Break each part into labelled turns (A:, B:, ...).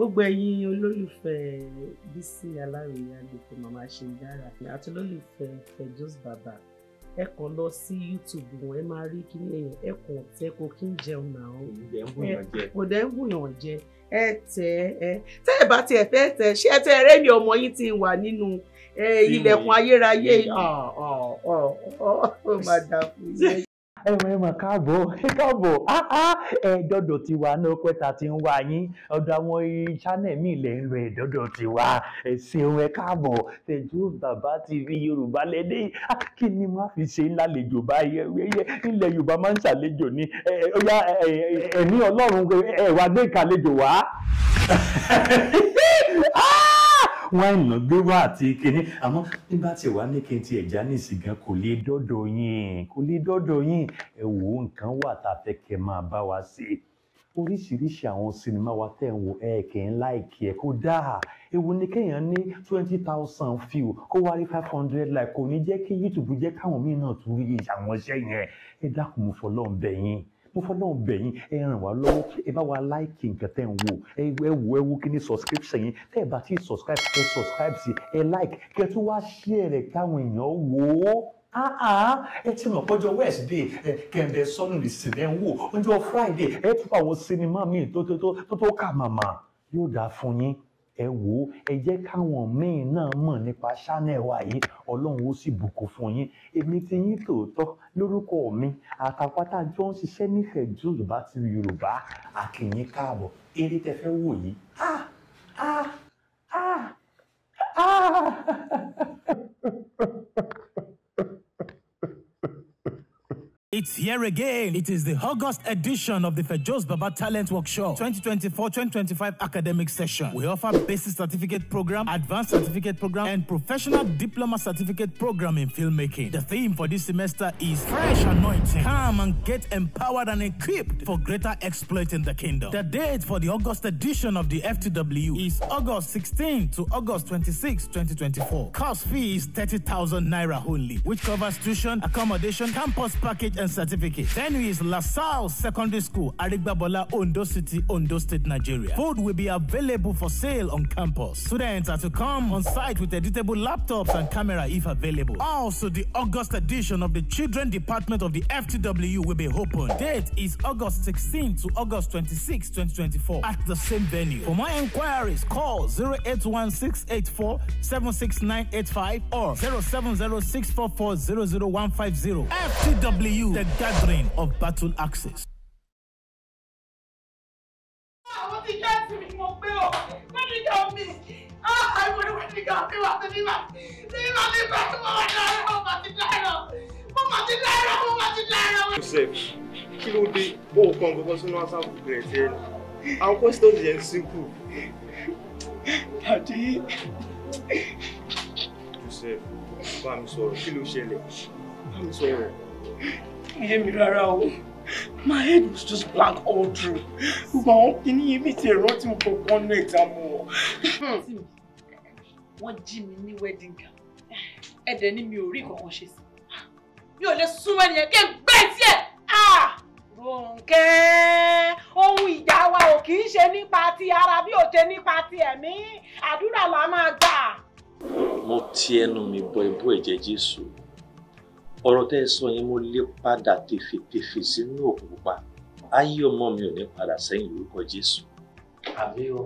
A: gbogbo ẹ̀yin olólùfẹ́ Bísí Aláròyé àgbègbè màmá ṣe ń dára àti olólùfẹ́ Fejos bàbá ẹ kàn lọ sí YouTube wọn ẹ máa rí kíní ẹyìn ẹ kàn tẹ kó kí n jẹun náà kò dẹ̀ ń gbìyànjú jẹ ẹ tẹ ẹ tẹ ẹ bá tiẹ̀ fẹ́ tẹ ṣé ẹ tẹ ẹrẹ mi ọmọ yìí ti wà nínú ilẹ̀kùn ayérayé ó máa dà fún yín ẹ mọ̀ ẹ mọ̀
B: káàbọ̀ káàbọ̀ ah, ah, ẹ̀ẹ́dọ́dọ̀ ti wà ní ọpẹ́ ta ti ń wá yín ọ̀dọ̀ àwọn channel mi ilẹ̀ ń lo ẹ̀ẹ́dọ́dọ̀ ti wà ẹ ṣeun ẹ káàbọ̀ Sejubaba TV yorùbá lẹ́dẹ̀ ah, kí ni má fi ṣe lálejò báyìí ilẹ̀ yorùbá máa ń ṣàlejò ní ẹ̀mí ọlọ́run ẹ wá gbé ìkàlejò wá. wáìnì náà gbé wá àti kìnní àmọ́ nígbà tí wàá ní kí n ti ẹ̀já ní ìsìnkàn kò lè dọ́dọ̀ yín kò lè dọ́dọ̀ yín ẹ wò ó nǹkan wà tá a fẹ́ kẹ́ máa bá wa ṣe oríṣiríṣi àwọn sinimá wa tẹ̀ ń wo ẹ̀ẹ́kẹ́ ńlá ìkí ẹ̀ kó dáa ewu ni kéèyàn ní twenty thousand view kó wá rí five hundred like kò ní jẹ́ kí YouTube jẹ́ káwọn míì náà tún rí àwọn iṣẹ́ yẹn ẹ dákun mo fọlọ́ọ̀ bẹ̀ mo fọ́ náà bẹ̀ yín ẹ ràn wá lọ́wọ́ ẹ bá wa láìkì nǹkan tẹ́ ń wò ẹ wo ẹ wo kí ni subscription yín tẹ́ ẹ bá ti subscribe ẹ subscribe sí ẹ like kẹ tún wá share rẹ̀ káwọn èèyàn wò ó ẹ ti mọ̀ pọ́jọ́ Wednesday ẹ kẹ̀ǹdẹ̀ sọ́nù lè sì rẹ̀ ń wò ọjọ́ Friday ẹ tún àwọn sinimá míì tó tó tó kà màmá yóò dáa fún yín ẹ wò ó ẹ jẹ́ káwọn míín náà mọ̀ nípa channel wa yìí ọlọ́run ó sì bùkún fún yín èmi ti yín tòótọ́ lórúkọ mi àtàpátá jọ ń ṣiṣẹ́ nífẹ̀ẹ́ Yorùbá ti Yorùbá a káàbọ̀ eré tẹ fẹ́ wò yìí.
C: ah ah ah ah.
D: It's here again. It is the August edition of the Fejos Baba Talent Workshop 2024-2025 academic session. We offer basic certificate program, advanced certificate program, and professional diploma certificate program in filmmaking. The theme for this semester is fresh anointing. Come and get empowered and equipped for greater exploit in the kingdom. The date for the August edition of the FTW is August 16 to August 26, 2024. Cost fee is 30,000 naira only, which covers tuition, accommodation, campus package, and certificate. Then is LaSalle Secondary School, Arigbabola, Ondo City, Ondo State, Nigeria. Food will be available for sale on campus. Students are to come on site with editable laptops and camera if available. Also, the August edition of the Children Department of the FTW will be open. Date is August 16 to August 26, 2024 at the same venue. For more inquiries, call 081684 or 07064400150. FTW you. The gathering of battle axes.
A: àwọn ti jẹ́ àti mi mo gbé o wọ́n ti jẹ́ mi àwọn ìwé ti jẹ́ àti wà
E: sí kí ló dé ó kàn sínú wásaapù rẹ̀ ṣe é àwọn question yẹn simple. dàdí. joseph bá mi sọ̀rọ̀ kí ló ṣẹlẹ̀ bá mi sọ̀rọ̀ yé mi rárá o my head was just blank all through gbogbo àwọn kìíní yìí mi ti rántí mo kọ pọ́n ní
A: ìta mọ́ ọ. wọ́n jí mi ní wedding gown ẹ̀dẹ̀ ni mi ò rí kankan ṣe sí mi ò lè súnmọ́ ẹnìyẹn kí n gbé tiẹ̀ e ah! Rónkẹ́ ohun ìjà wa ò kì í ṣe nípa ti ara bí ò ṣe nípa ti ẹ̀mí àdúrà la máa gbà.
F: mo ti ẹnu mi bọ ibú ẹ̀jẹ̀ Jésù ọ̀rọ̀ tẹ́ ẹ sọ yẹn mo lè padà tèfètèfè sínú òkú pupa ayé ọmọ mi ò ní padà sẹ́yìn lórúkọ Jésù.
E: àbí o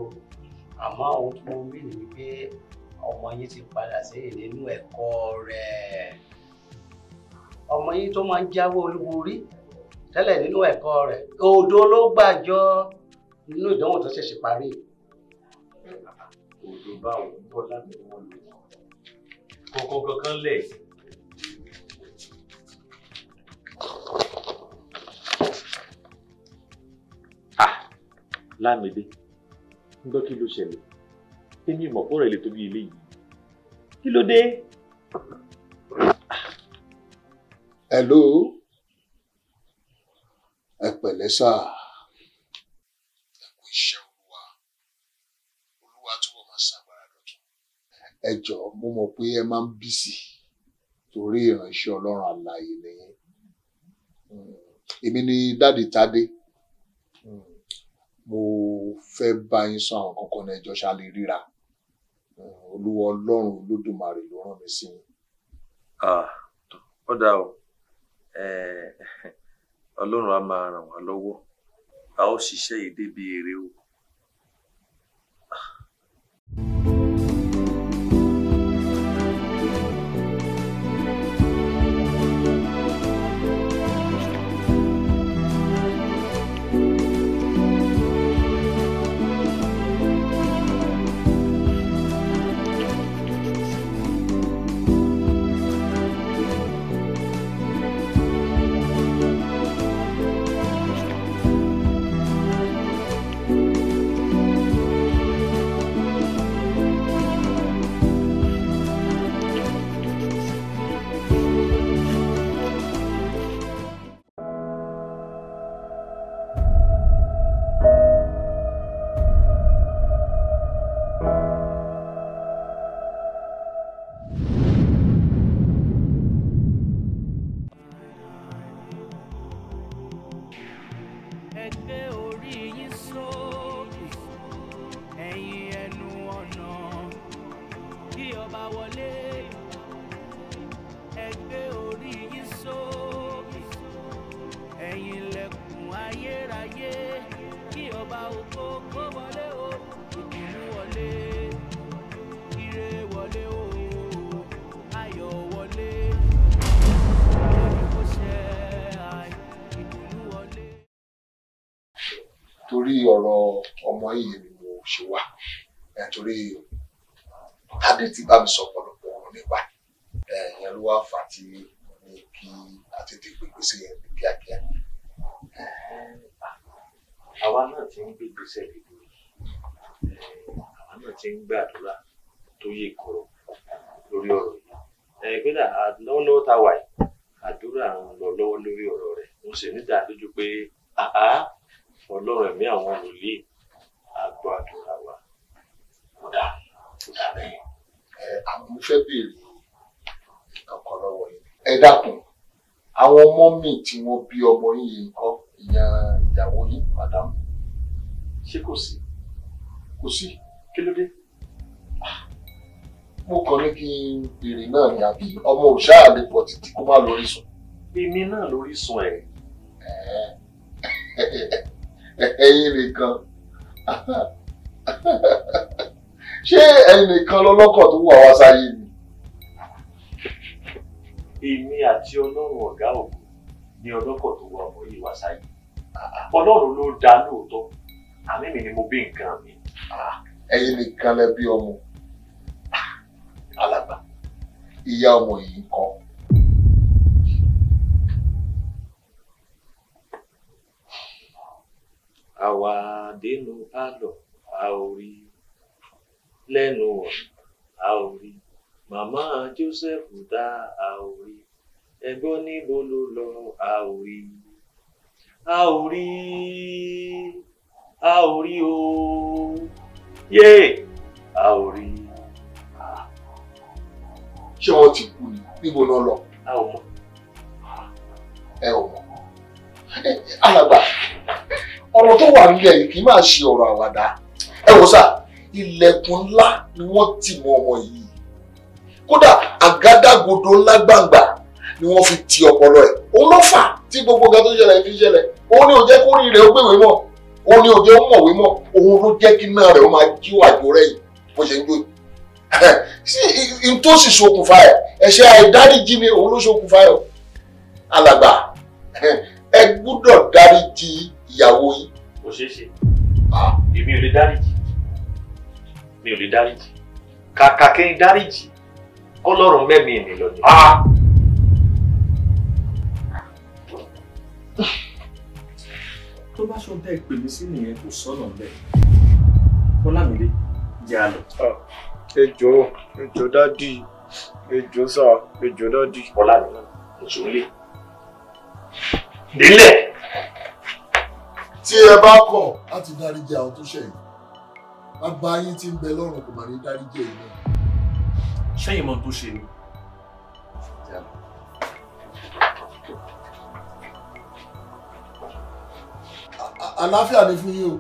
E: àmọ́ àwọn tó mọ mí nìyí pé ọmọ yín ti padà sẹ́yìn nínú ẹ̀kọ́ rẹ̀
A: ọmọ yín tó máa ń jáwé olúborí tẹ́lẹ̀ nínú ẹ̀kọ́ rẹ̀ òdo ló gbàjọ nínú ìdánwò tó ṣẹ̀ṣẹ̀ parí
F: òdo báwo bọ́lá mi wọ́n lò kókó kankan lẹ̀ sí. lámìdé ń gbọ́ kí ló ṣẹlẹ̀ tèmi mọ̀ kó rẹ̀ lè tóbi ilé yìí kí ló dé. hello
G: ẹ pẹ̀lẹ́ sáà ẹ kú iṣẹ́ olúwa olúwa túbọ̀ máa ṣàgbára lọ́tún ẹ jọ̀ọ́ mo mọ̀ pé ẹ máa ń bísí torí ìránṣẹ́ ọlọ́run àlàyé nìyẹn hmm. èmi ni dáàdì Tádé mo fẹ́ bá yín sọ àwọn kankan náà ẹjọ́ ṣáàlè ríra olúwa ọlọ́run olódùmarè ló rán mi sí yín.
F: ó o ọlọ́run á máa ràn wá lọ́wọ́ a ó ṣiṣẹ́ yìí débi èrè o.
G: torí adé ti bá mi sọ ọ̀pọ̀lọpọ̀ ọ̀rọ̀ nípa ẹ̀yẹn ló wá fà tí mo ní kí a tètè gbé gbèsè yẹn ní kíákíá.
H: àwa náà ti ń gbé gbèsè lè lórí
F: àwa náà ti ń gbàdúrà tó yẹ kọrọ lórí ọ̀rọ̀ yìí ẹgbẹ́dà lọ́wọ́lọ́wọ́ tá a wà yìí àdúrà ń lọ lọ́wọ́ lórí ọ̀rọ̀ rẹ̀ mo sì ní ìdádójú pé
G: mọ́mì tí wọ́n bí ọmọ yín yìí kọ́ ìyẹn ìyàwó yín madam ṣé kò sí kò sí kí ló dé ah, mo kàn ní kí n béèrè náà ni àbí ọmọ òṣà lè pọ̀ títí kó má lórí sùn. èmi náà lórí sùn ẹ̀. ẹ̀yin nìkan ṣé ẹ̀yin nìkan lọ́lọ́kọ̀ tó wà wá sáyé ni.
F: èmi àti ọlọ́run ọ̀gá ògùn ní ọlọ́kọ̀ tó wà ọmọ yìí wá sáyé ọlọ́run ló dá lóòótọ́ àmì mi ni mo bí nǹkan mi.
G: ẹ̀yin nìkan lẹ bí ọmọ alàgbà ìyá ọmọ yìí ń
F: àwa dénú pálọ̀ a ò rí lẹ́nu ọ̀nà a ò rí màmá Joseph dá a ò rí ẹgbọ́n níbo ló lọ a ò rí a ò rí a ò rí o yé a ò rí. ṣé wọn ti
C: kú
G: ni níbo náà lọ. a ò mọ. ẹ ò mọ alàgbà ọ̀rọ̀ tó wà nílẹ̀ yìí kì í máa ṣe ọ̀rọ̀ àwàdà ẹ wò sá ilẹ̀kùn ńlá ni wọ́n tì mọ́ ọmọ yìí kódà àgádágodo ńlá gbàǹgbà ni wọ́n fi ti ọpọlọ ẹ̀ òun ló fà tí gbogbo nǹkan tó ṣẹlẹ̀ fi ṣẹlẹ̀ òun ni ò jẹ́ kó rí rẹ̀ ó gbèwé mọ̀ òun ni ò jẹ́ ó mọ̀wé mọ̀ òun ló jẹ́ kí náà rẹ̀ ó máa jí wàjò rẹ̀ yìí bó ṣe ń jó sí n tó sì ṣokùnfà ẹ̀ ẹ̀ṣẹ̀ àìdáríjì ni òun ló ṣokùnfà ẹ̀ alàgbà ẹ gbúdọ̀ dáríjì
F: ìyàwó yìí. kò ṣeé ṣe èmi ò lè dáríjì mi ò lè dáríjì kàkà kí n dáríjì kọlọ́run mẹ́mìí mi lọ tó bá ṣohun
E: tẹ́ ẹ pè mí sí nìyẹn kò sọ̀nà bẹ́ẹ̀ fọlámídé jẹ́ àlọ́. ẹ jọ̀ọ́ ẹ jọ̀ọ́ dádì ẹ jọ̀ọ́ sà ẹ jọ̀ọ́ dádì. fọlámídé ìṣòlè délẹ̀.
G: tí ẹ bá kọ̀ láti dáríjì àwọn tó ṣẹ̀yìn bàbá yín tí ń bẹ lọ́rùn kò mà ní dáríjì ẹ̀yìn náà. ṣẹ́yìn mọ́ tó ṣe ni àlàáfíà ni fún yín o.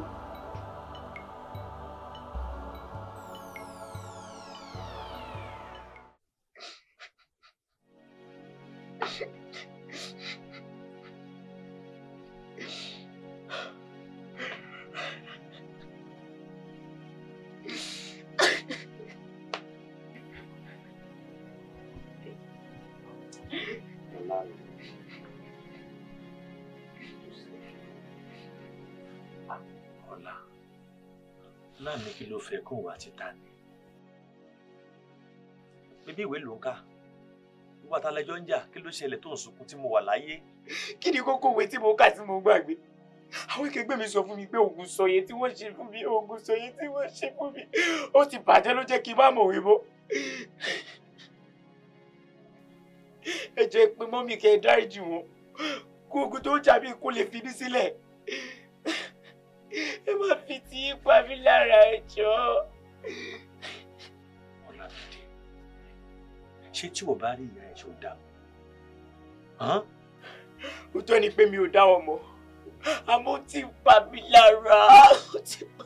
F: lẹjọ ń jà kí ló ṣẹlẹ̀ tó ń sunkún tí mo wà láyé.
E: kí ni kókó òwe tí mo kà tí mo gbàgbé àwọn ìkẹgbẹ́ mi sọ fún mi pé oògùn sọyẹ tí wọ́n ṣe fún mi oògùn sọyẹ tí wọ́n ṣe fún mi ó ti bàjẹ́ ló jẹ́ kí n má mọ̀ òwe mọ́. ẹ jẹ́ pé mọ́mí kẹ́ ẹ dáríjì wọn kó oògùn tó ń jà mí kó lè fi mí sílẹ̀ ẹ má fi tí í pa lára ẹ ṣé tí o bá rí ìyá ẹ̀ ṣe O dá mọ́. òótọ́ ni pé mi ò dá wọn mọ́ àmọ́ ó ti bà mí lára ó ti bà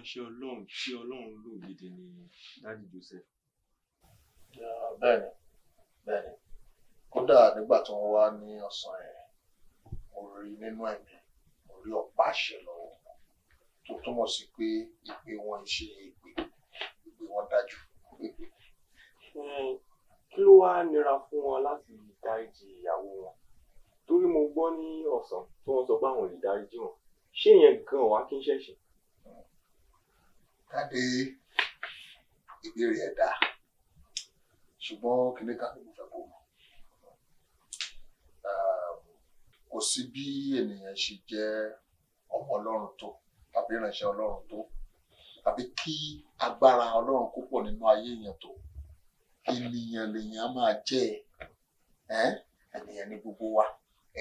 F: ìránṣẹ́ Ọlọ́run tí Ọlọ́run lò gidi ni Dádì Joseph.
G: bẹ́ẹ̀ni bẹ́ẹ̀ni kódà nígbà tí wọ́n wá ní ọ̀sán yẹn mo rí nínú ẹ̀mí mo rí ọ̀pá àṣẹ lọ́wọ́ tó túmọ̀ sí pé ìpè wọn ṣe ìpè ìpè wọn dájú. Hmm, kí ló wáá nira fún wọn láti dáríji ìyàwó wọn torí mo
H: gbọ́ ní ọ̀sán tí wọ́n sọ pé àwọn ò lè dáríji wọn ṣé ìyẹn gan-an wá kí n ṣẹ̀ṣẹ̀.
G: Káde ìbéèrè ẹ̀dá ṣùgbọ́n kìnìún kan ni mo fẹ́ kó mọ̀. Kò sí bí ènìyàn ṣe jẹ́ ọmọ Ọlọ́run tó tàbí ìránṣẹ́ Ọlọ́run tó tàbí kí agbára Ọlọ́run kó pọ̀ nínú ayé èèyàn tó ènìyàn lèèyàn máa jẹ́ ẹ ènìyàn ní gbogbo wa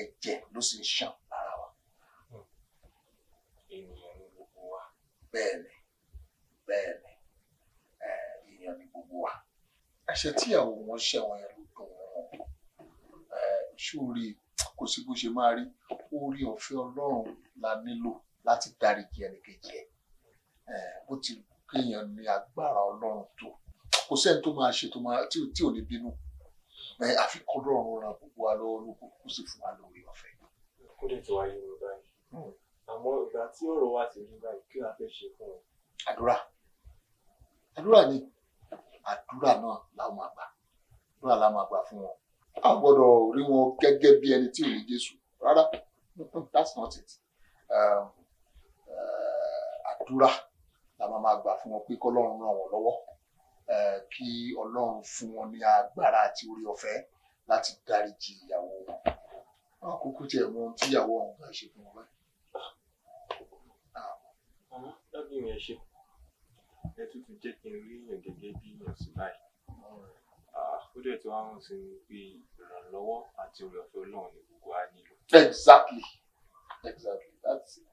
G: ẹ̀jẹ̀ ló sì ń ṣàn lára wa. Ènìyàn ní gbogbo wa. Bẹ́ẹ̀ ni bẹ́ẹ̀ ni èèyàn ni gbogbo wa ẹ̀ṣẹ̀ tíyàwó wọn ṣẹ̀wọ̀n yẹn ló dùn wọn ṣóòrè kò sí bó ṣe máa rí orí ọ̀fẹ́ Ọlọ́run la nílò láti dáríjì ẹnìkejì ẹ bó ti kéèyàn ní agbára Ọlọ́run tó kò sẹ́ni tó máa ṣe tó máa tí ò ní bínú àfikún Ọlọ́run ran gbogbo wa lọ́wọ́ ló kó sì fún wa lórí ọ̀fẹ́.
H: kó lè tó wáyé wọn báyìí
G: hmm. àmọ́ ìgbà tí ọ̀rọ̀ wa ti rí báyìí kí wàá fẹ́ ṣe fún ọ. àdúrà àdúrà ni àdúrà náà làwọn máa gbà àdúrà làwọn máa gbà fún wọn a gbọ́dọ̀ rí wọn gẹ́gẹ́ bí ẹni tí ò ní Jésù rárá that's not it um, uh, àdúrà làwọn máa gbà fún wọn pé kọ́lọ́run ràn wọ́n lọ́wọ́ uh, kí Ọlọ́run fún wọn ní agbára àti orí ọ̀fẹ́ láti dáríjì ìyàwó wọn àkókò tí ẹ̀wọ̀n tíyàwó ọ̀hún ṣe fún wọn báyìí. dábìlì
H: ẹ ṣe ẹ tuntun jẹ́ kí n rí èèyàn gẹ́gẹ́ bí èèyàn sí báyìí
I: ah, ó dẹ̀ tó
H: àwọn sì ń pe ìrànlọ́wọ́ àti oore ọ̀fẹ́ Ọlọ́run gbogbo wa
G: nílò. exactly
H: exactly that's it.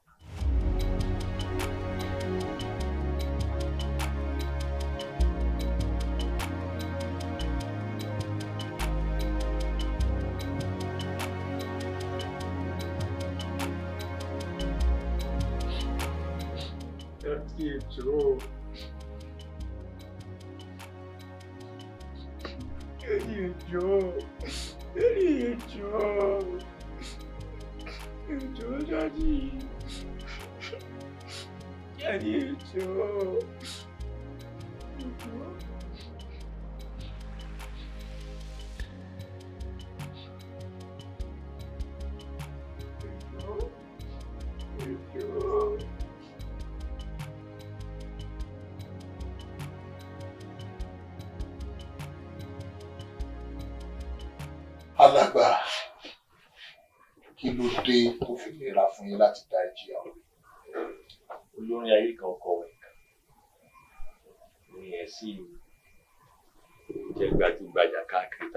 E: That's true. ìjọ lórí ìjọ ìjọ jáde jáde
I: ìjọ ìjọ.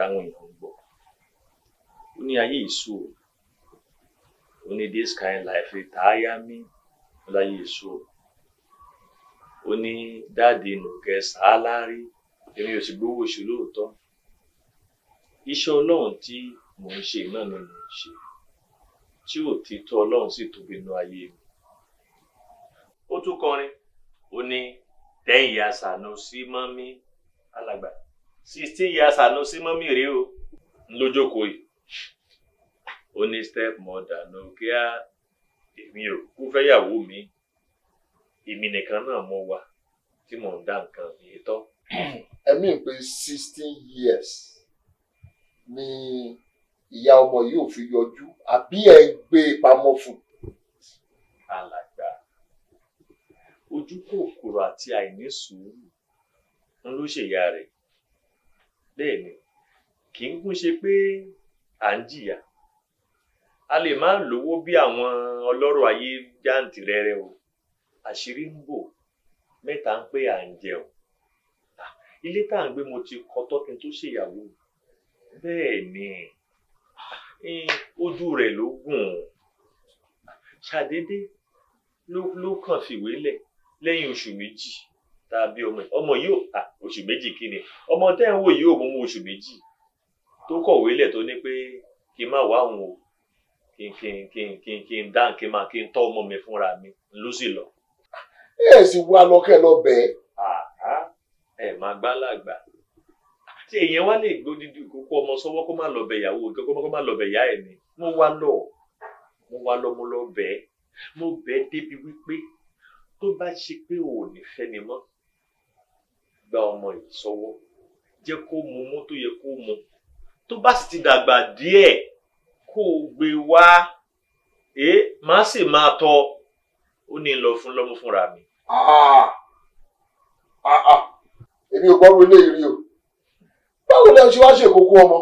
F: àwọn èèyàn ń gbọ́ ó ní ayé èso this kind life retire me ó láyé èso ó ní dáàdi nùkẹ́ sálárì èmi ò sì gbowó oṣù lóòótọ́ iṣẹ́ ọlọ́run tí mò ń ṣe náà ni mò ń ṣe tí òtítọ́ ọlọ́run sì tóbi nú ayé mi ó tún kọrin ó ní ten years ago sí mọ́ mi alàgbà sixteen years àná sí mọ́mì rèé o lójókòó yìí ó ní step mother no kíá èmi ò kú fẹ́yàwó mi èmi nìkan náà mo wà tí mò ń dá nǹkan mi tọ́. ẹ̀mí pé sixteen
G: years ni ìyá ọmọ yìí ò fi yọjú àbí
F: ẹ̀ ń gbé e pamọ́ fún. alàgbà ojú kòkòrò àti àìní sùúrù ń ló ṣèyá rẹ̀ bẹ́ẹ̀ ni kì í kún ṣe pé à ń jìyà a lè má lówó bí àwọn ọlọ́rọ̀ ayé jáǹtì rẹ̀rẹ̀ o àṣírí ń bò mẹ́ta ń pé à ń jẹun ilé tá à ń gbé mo ti kọ́ tọ́kin tó ṣèyàwó bẹ́ẹ̀ ni ojú rẹ̀ ló gùn ṣàdédé ló kàn fìwé lẹ̀ lẹ́yìn oṣù méjì tá a bí ọmọ yìí ọmọ yìí à oṣù méjì kí ni ọmọ tẹ́ ń wò yìí ò mú mú oṣù méjì tó kọ̀wé lẹ̀ tó ní pé kí n má wá òun o kí n kí n kí n kí n kí n dá kí n máa kí n tọ́ ọmọ mi fúnra mi ló sì lọ.
G: ẹ sì wá lọkẹ lọ bẹ́ẹ̀.
F: ẹ máa gbá lágbà tí èèyàn wá lè gbó dídú kókó ọmọ sọ́wọ́ kó má lọ bẹ ìyàwó kó má lọ bẹ ìyá ẹ ni mo wá lọ mo wá lọ mo lọ bẹ́ẹ̀ mo bẹ́ẹ̀ débi wípé tó bá ṣe pé o ò ní fẹ́ ni mọ́ gba ọmọ yìí sọ́wọ́ jẹ́ kó mu mú tó yẹ kó mu tó bá sì ti dàgbà díẹ̀ kó o gbé e wá ẹ má sì máa tọ́ ó ní lọ fún lọ́mú fúnra mi. Ah,
G: ah, ah. èmi ò gbọ́rú eléyìí rí o báwo lẹ ṣe wá ṣe kókó ọmọ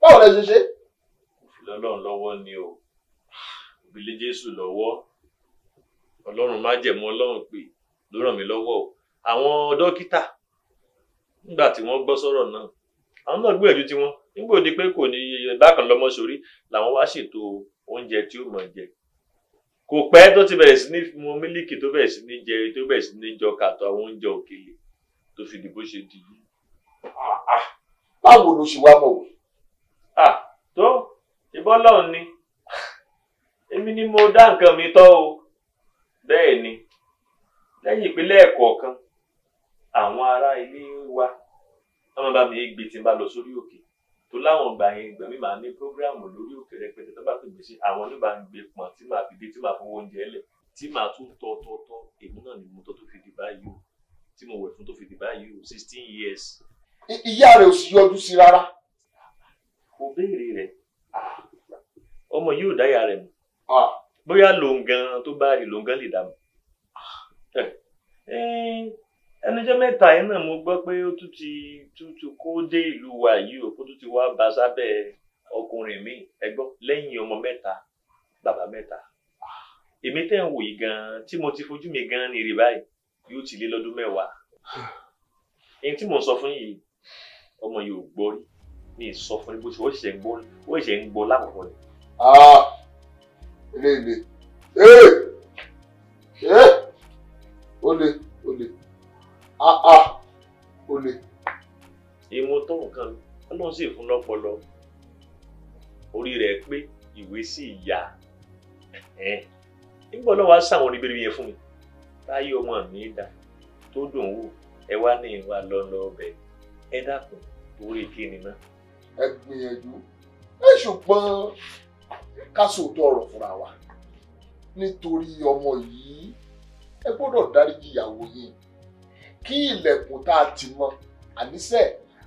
G: báwo lẹ ṣe ṣe.
F: ìfìlọ́lọ́run lọ́wọ́ ni o òbílẹ̀ jésù lọ́wọ́ ọlọ́run má jẹ̀mú ọlọ́run pé ló ràn mí lọ́wọ́ o àwọn dókítà nígbà tí wọ́n gbọ́ sọ̀rọ̀ náà àwọn náà gbìyànjú tiwọn nígbà òde pé kò ní bákan lọ́mọ sórí làwọn wá ṣètò oúnjẹ tí ó mọ̀ jẹ kò pẹ́ tó ti bẹ̀rẹ̀ sí ní mu mílíkì tó bẹ̀rẹ̀ sí ní jẹ tó bẹ̀rẹ̀ sí ní jọ kàtọ́ àwọn oúnjẹ òkèlè tó fi di bó ṣe di yìí. Ah, ah, báwo ló ṣe wá mọ̀ wò. Ah, tó ìbọn lọ́hùn ni èmi ni mo dá nǹkan mi tọ́ o bẹ́ẹ̀ ni lẹ́yìn ìpínlẹ̀ kọ̀ọ̀kan àwọn ará ilé wọn bá mi gbé tí n bá lọ sórí òkè tó láwọn ìgbà yẹn ìgbà mi máa ní prógráàmù lórí òkè rẹpẹtẹ tó bá pè mí sí àwọn oníbà ń gbé pọn tí màá fi dé tí màá fowó oúnjẹ lẹ tí màá tún tọ tọ tọ èmi náà ni mo tọ tó fi di báyìí o tí mo wẹ̀ fún tó fi di báyìí o sixteen years. ìyá rẹ ò sì yọjú sí rárá. kò béèrè rẹ ah, ọmọ yìí ò dáyà rẹ mọ ah. bóyá lòun gan tó bá rí lòun gan lè dà mọ. Ah, ẹnujọ́ mẹ́ta yìí náà mo gbọ́ pé ó tún ti tún ti kó dé ìlú wa yìí o kó tún ti wá bá sábẹ́ ọkùnrin mi ẹgbọ́n lẹ́yìn ọmọ mẹ́ta bàbá mẹ́ta èmi tẹ́ ń wò yìí gan-an tí mo ti fojú mi gan-an ní rí báyìí yóò ti lé lọ́dún mẹ́wàá èyí tí mo sọ fún yìí ọmọ yìí ò gbọ́ rí mi ì bó ṣe ó ṣe ń gbọ́ ó ṣe ń gbọ́ lákòókò ni.
G: eré ilé eré
F: ó le. tó nǹkan ọlọ́run sì fún lọ́pọlọ orí rẹ̀ pé ìwé sì yá nígbà sàwọn oníbèrè yẹn fún mi táyé ọmọ mi dà tó dùn wò ẹ wá ní ìwà lọ́nà ọbẹ̀ ẹ kí ni náà. ẹ gbìyànjú
G: ẹ ṣùgbọ́n ọ̀rọ̀ fúnra wa nítorí ọmọ yìí ẹ gbọ́dọ̀ ìyàwó yìí kí ilẹ̀kùn tá a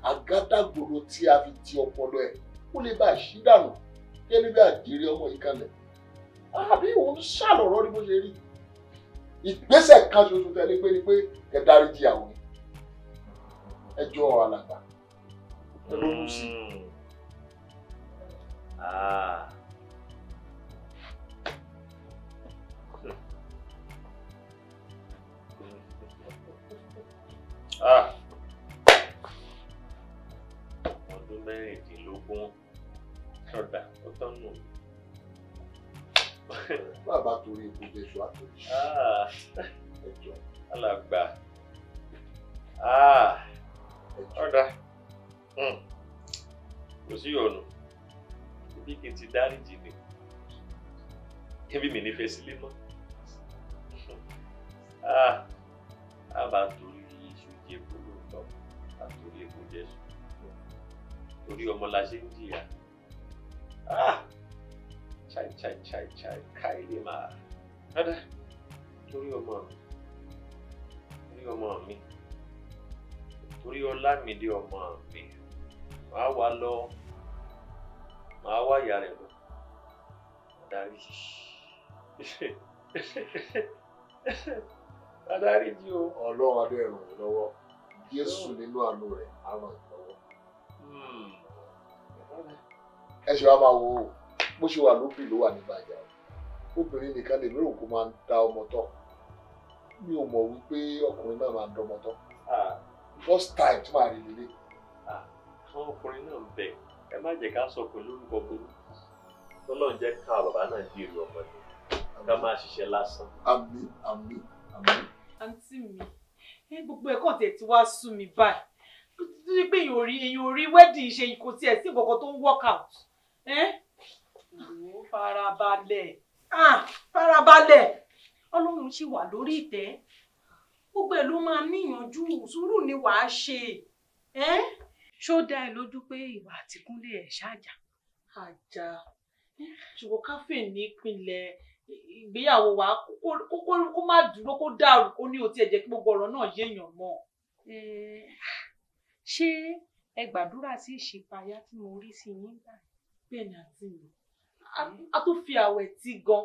G: àgádágodo tí a fi ti ọpọlọ ẹ̀ kó lè bá a ṣí dànù kí ẹni bí àjèrè ọmọ yìí kalẹ̀ àbí òun ṣàlọ̀rọ̀ ni mo ṣe rí ìgbésẹ̀ kan ṣoṣo tẹ̀lé pé ni pé ẹ dáríjì àwọn ẹjọ́ alàgbà
I: ẹ ló mú sí.
E: Ah. ah.
F: mẹ́rìndínlógún ọ̀dà ó tán nù. bàbá torí ikú jésù àtòjì ah, ẹjọ. alàgbà ah, ọ̀dà hmm. kò sí ọ̀nà ibi kì í ti dáríjì ni ebi mi nífẹ̀ẹ́ sílé mọ́ ah, a bá ń torí iṣu jẹ́ polówó lọ àtòrí ikú jésù orí ọmọ la ṣe ń jìyà ah! chai chai chai chai káì lè máa rárá torí ọmọ torí ọmọ mi torí ọlámìdí ọmọ mi màá wá lọ màá wá ìyá rẹ lọ adarí adarí
G: jí o. ọlọ́run adé ẹ̀rùn lọ́wọ́ jésù nínú àánú rẹ̀ á ràn yín. ẹ ṣe wá máa wo bó ṣe wà lóbì ló wà nígbà ìjà obìnrin nìkan lè lérò kó máa ń da ọmọ tọ mi ò mọ̀ wípé
F: ọkùnrin náà máa ń dọmọ tọ first time tí màá rí nílé. àwọn ọkùnrin náà ń bẹ ẹ má jẹ́ ká sọ pé lórúkọ burúkú lọ́lọ́run jẹ́ ká bàbá náà di èrò ọmọdé ká máa ṣiṣẹ́ lásán.
A: àmín àmín àmín. àǹtí mi gbogbo ẹ̀kọ́ tẹ̀ ti wá sú mi báyìí tó ti pé èèyàn ò rí èèyàn ò rí wẹ́dìn ṣe kò tiẹ̀ sí ìkọ̀kọ̀ tó ń work out ó farabalẹ̀ farabalẹ̀ ọlọ́run ṣì wà lórí ìtẹ́ gbogbo ẹ̀ ló máa níyànjú sùúrù ni wàá ṣe ṣó dá ẹ lójú pé ìwà àtìkúnlé ẹ ṣáàjà. àjà ṣùgbọ́n káfíń ní ìpínlẹ̀ ìgbéyàwó wa kó má dúró kó dàrú kó ní òtí ẹ̀jẹ̀ kí gbogbo ọ̀rọ̀ náà yéèyàn mọ́. ṣé ẹ gbàdúrà sí ìṣípayá tí mo rí sí yín gbà yẹn bẹ́ẹ̀ ni àǹtí mi hmm. a tó fi àwẹ̀ tí gan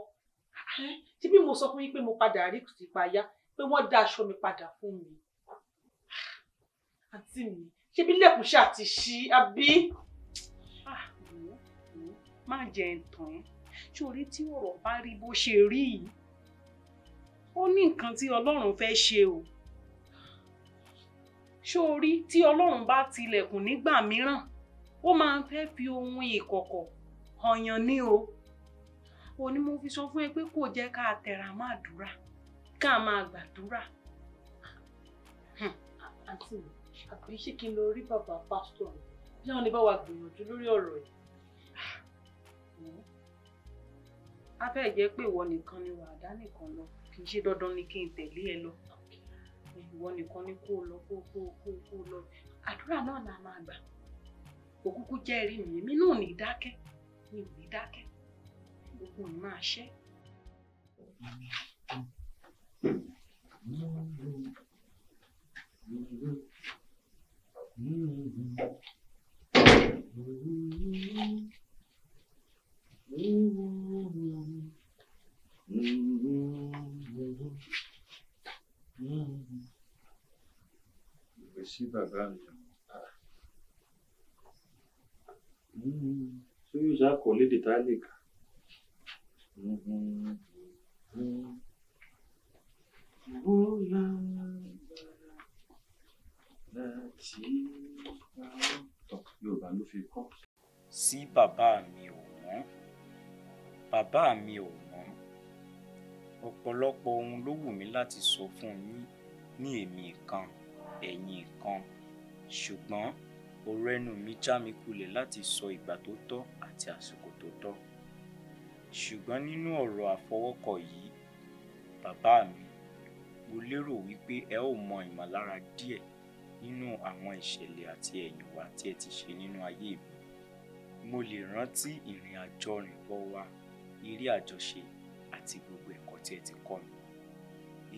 A: ṣé bí mo sọ fún yín pé mo padà rí ìpayà pé wọ́n dá aṣọ mi padà fún mi àǹtí mi ṣé bí lẹ́kùn ṣáà ti ṣí àbí. Ah, má jẹ ǹtàn sórí tí ọ̀rọ̀ bá rí bó ṣe rí yìí ó ní nǹkan tí ọlọ́run fẹ́ ṣe o sórí tí ọlọ́run bá tilẹ̀kùn nígbà mìíràn ó máa ń fẹ́ fi ohun ìkọ̀kọ̀ ọ̀yàn ní o ó ní mo fi sọ fún ẹ pé kò jẹ́ ká tẹra mọ́ àdúrà ká máa gbàdúrà. àǹtí mi àbí ṣé kí n lọ rí bàbá pásítọ̀ mi bí wọ́n lè bá wa gbìyànjú lórí ọ̀rọ̀ ẹ̀. a fẹ́ jẹ́ pé ìwọ nìkan ni wàá dá nìkan lọ kì í ṣe dandan ni kí n tẹ̀lé ẹ lọ ìwọ nìkan ni kó o lọ kó o kó o kó o lọ àdúrà náà la máa gbà. òkúkú jẹ́rìí mi èmi náà ní dákẹ́ mi ò ní dákẹ́ gbogbo mi máa ṣẹ́.
F: Merci, Baba. Sun yi zakoli detalic.
I: Bóyá
H: lágbára
E: láti bá tọ̀ Yorùbá ló fi kọ́. Sí bàbá mi ò wọ́n, bàbá mi ò wọ́n, ọ̀pọ̀lọpọ̀ ohun ló wù mí láti sọ fún yín ní èmi kan ẹ̀yin kan ṣùgbọ́n ọ̀rọ̀ ẹnu mi já mi kulẹ̀ láti sọ ìgbà tó tọ́ àti àsìkò tó tọ́ ṣùgbọ́n nínú ọ̀rọ̀ àfọwọ́kọ yìí bàbá mi mo lérò wípé ẹ ó mọ ìmọ̀lára díẹ̀ nínú àwọn ìṣẹ̀lẹ̀ àti ẹ̀yìnwá tí ẹ ti ṣe nínú ayé mi mo lè rántí ìrìn àjọ rìn bọ̀ wá eré àjọṣe àti gbogbo ẹ̀kọ́ tí ẹ ti kọ́ mi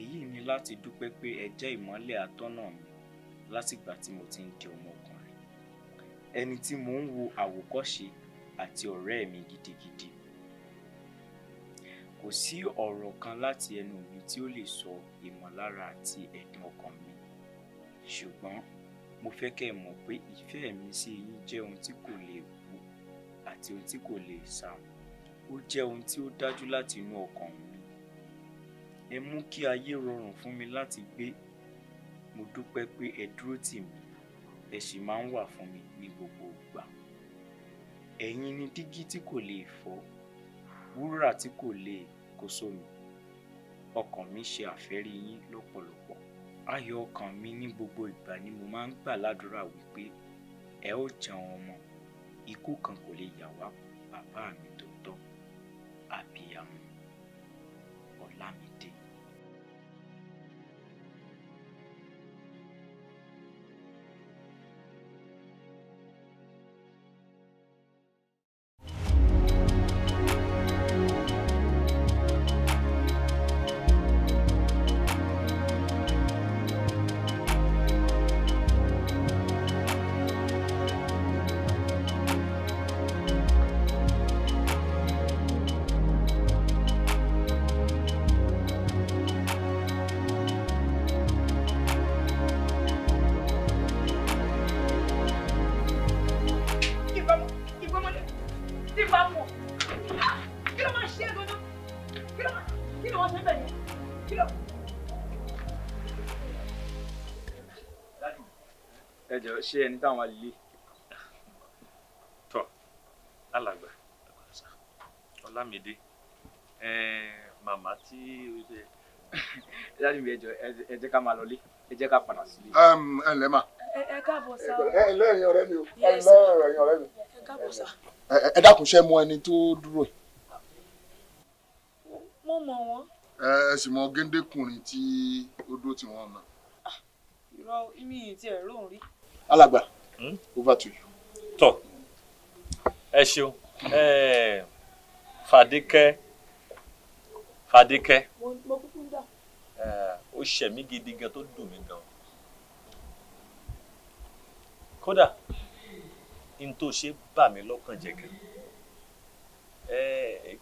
E: èyí ni láti dúpẹ́ pé ẹ jẹ́ ìmọ́lẹ̀ atọ́nà mi látìgbà tí mo ti ń di ọmọkùnrin ẹni tí mò ń wo àwòkọ́ṣe àti ọ̀rẹ́ mi gidigidi kò sí ọ̀rọ̀ kan láti ẹnu mi tí ó lè sọ ìmọ̀lára àti ẹ̀dùn ọkàn mi ṣùgbọ́n mo fẹ́ kẹ́ ẹ mọ̀ pé ìfẹ́ mi sí yín jẹ́ ohun tí kò lè wú àti ohun tí kò lè sà ó jẹ́ ohun tí ó dájú láti inú ọkàn mi ẹ mú kí ayé rọrùn fún mi láti gbé mo dúpẹ́ pé ẹ dúró tì mí ẹ sì máa ń wà fún mi ní gbogbo ìgbà ẹ̀yin ni dígí tí kò lè fọ́ wúrà tí kò lè kó sómi ọkàn mi ṣe àfẹ́rí yín lọ́pọ̀lọpọ̀ ayọ̀ ọkàn mi ní gbogbo ìgbà ni mo máa ń gbà ládùúrà wípé ẹ ó jẹun ọmọ ikú kan kò lè yà wá bàbá mi ṣé ẹni táwọn lè. tọ alàgbà Ọlámídé màmá tí láti ibi ẹjọ ẹ jẹ́ ká máa lọlé ẹ jẹ́ ká padà sílé. Um, ẹ ǹlẹ́ mà.
A: ẹ káàbọ̀ sá. ẹ ǹlẹ́
E: ẹ̀yin ọ̀rẹ́ mi o
G: ẹ
A: ǹlẹ́ ẹ̀yin ọ̀rẹ́ mi. ẹ káàbọ̀ sá.
G: ẹ dákun ṣe mọ ẹni tó dúró yìí. mo mọ̀ wọ́n. ẹ sì mọ géńdékùnrin tí ó dúró tí wọ́n
A: ah, irọ́ mi ì tiẹ̀ rò rí
F: alàgbà hmm? over to you. tọ ẹ ṣeun fàdékẹ́ fàdékẹ́ ó ṣẹ̀ mí gidi gan tó dùn mí gan kódà n tó ṣe bà mí lọ́kàn jẹ́ gan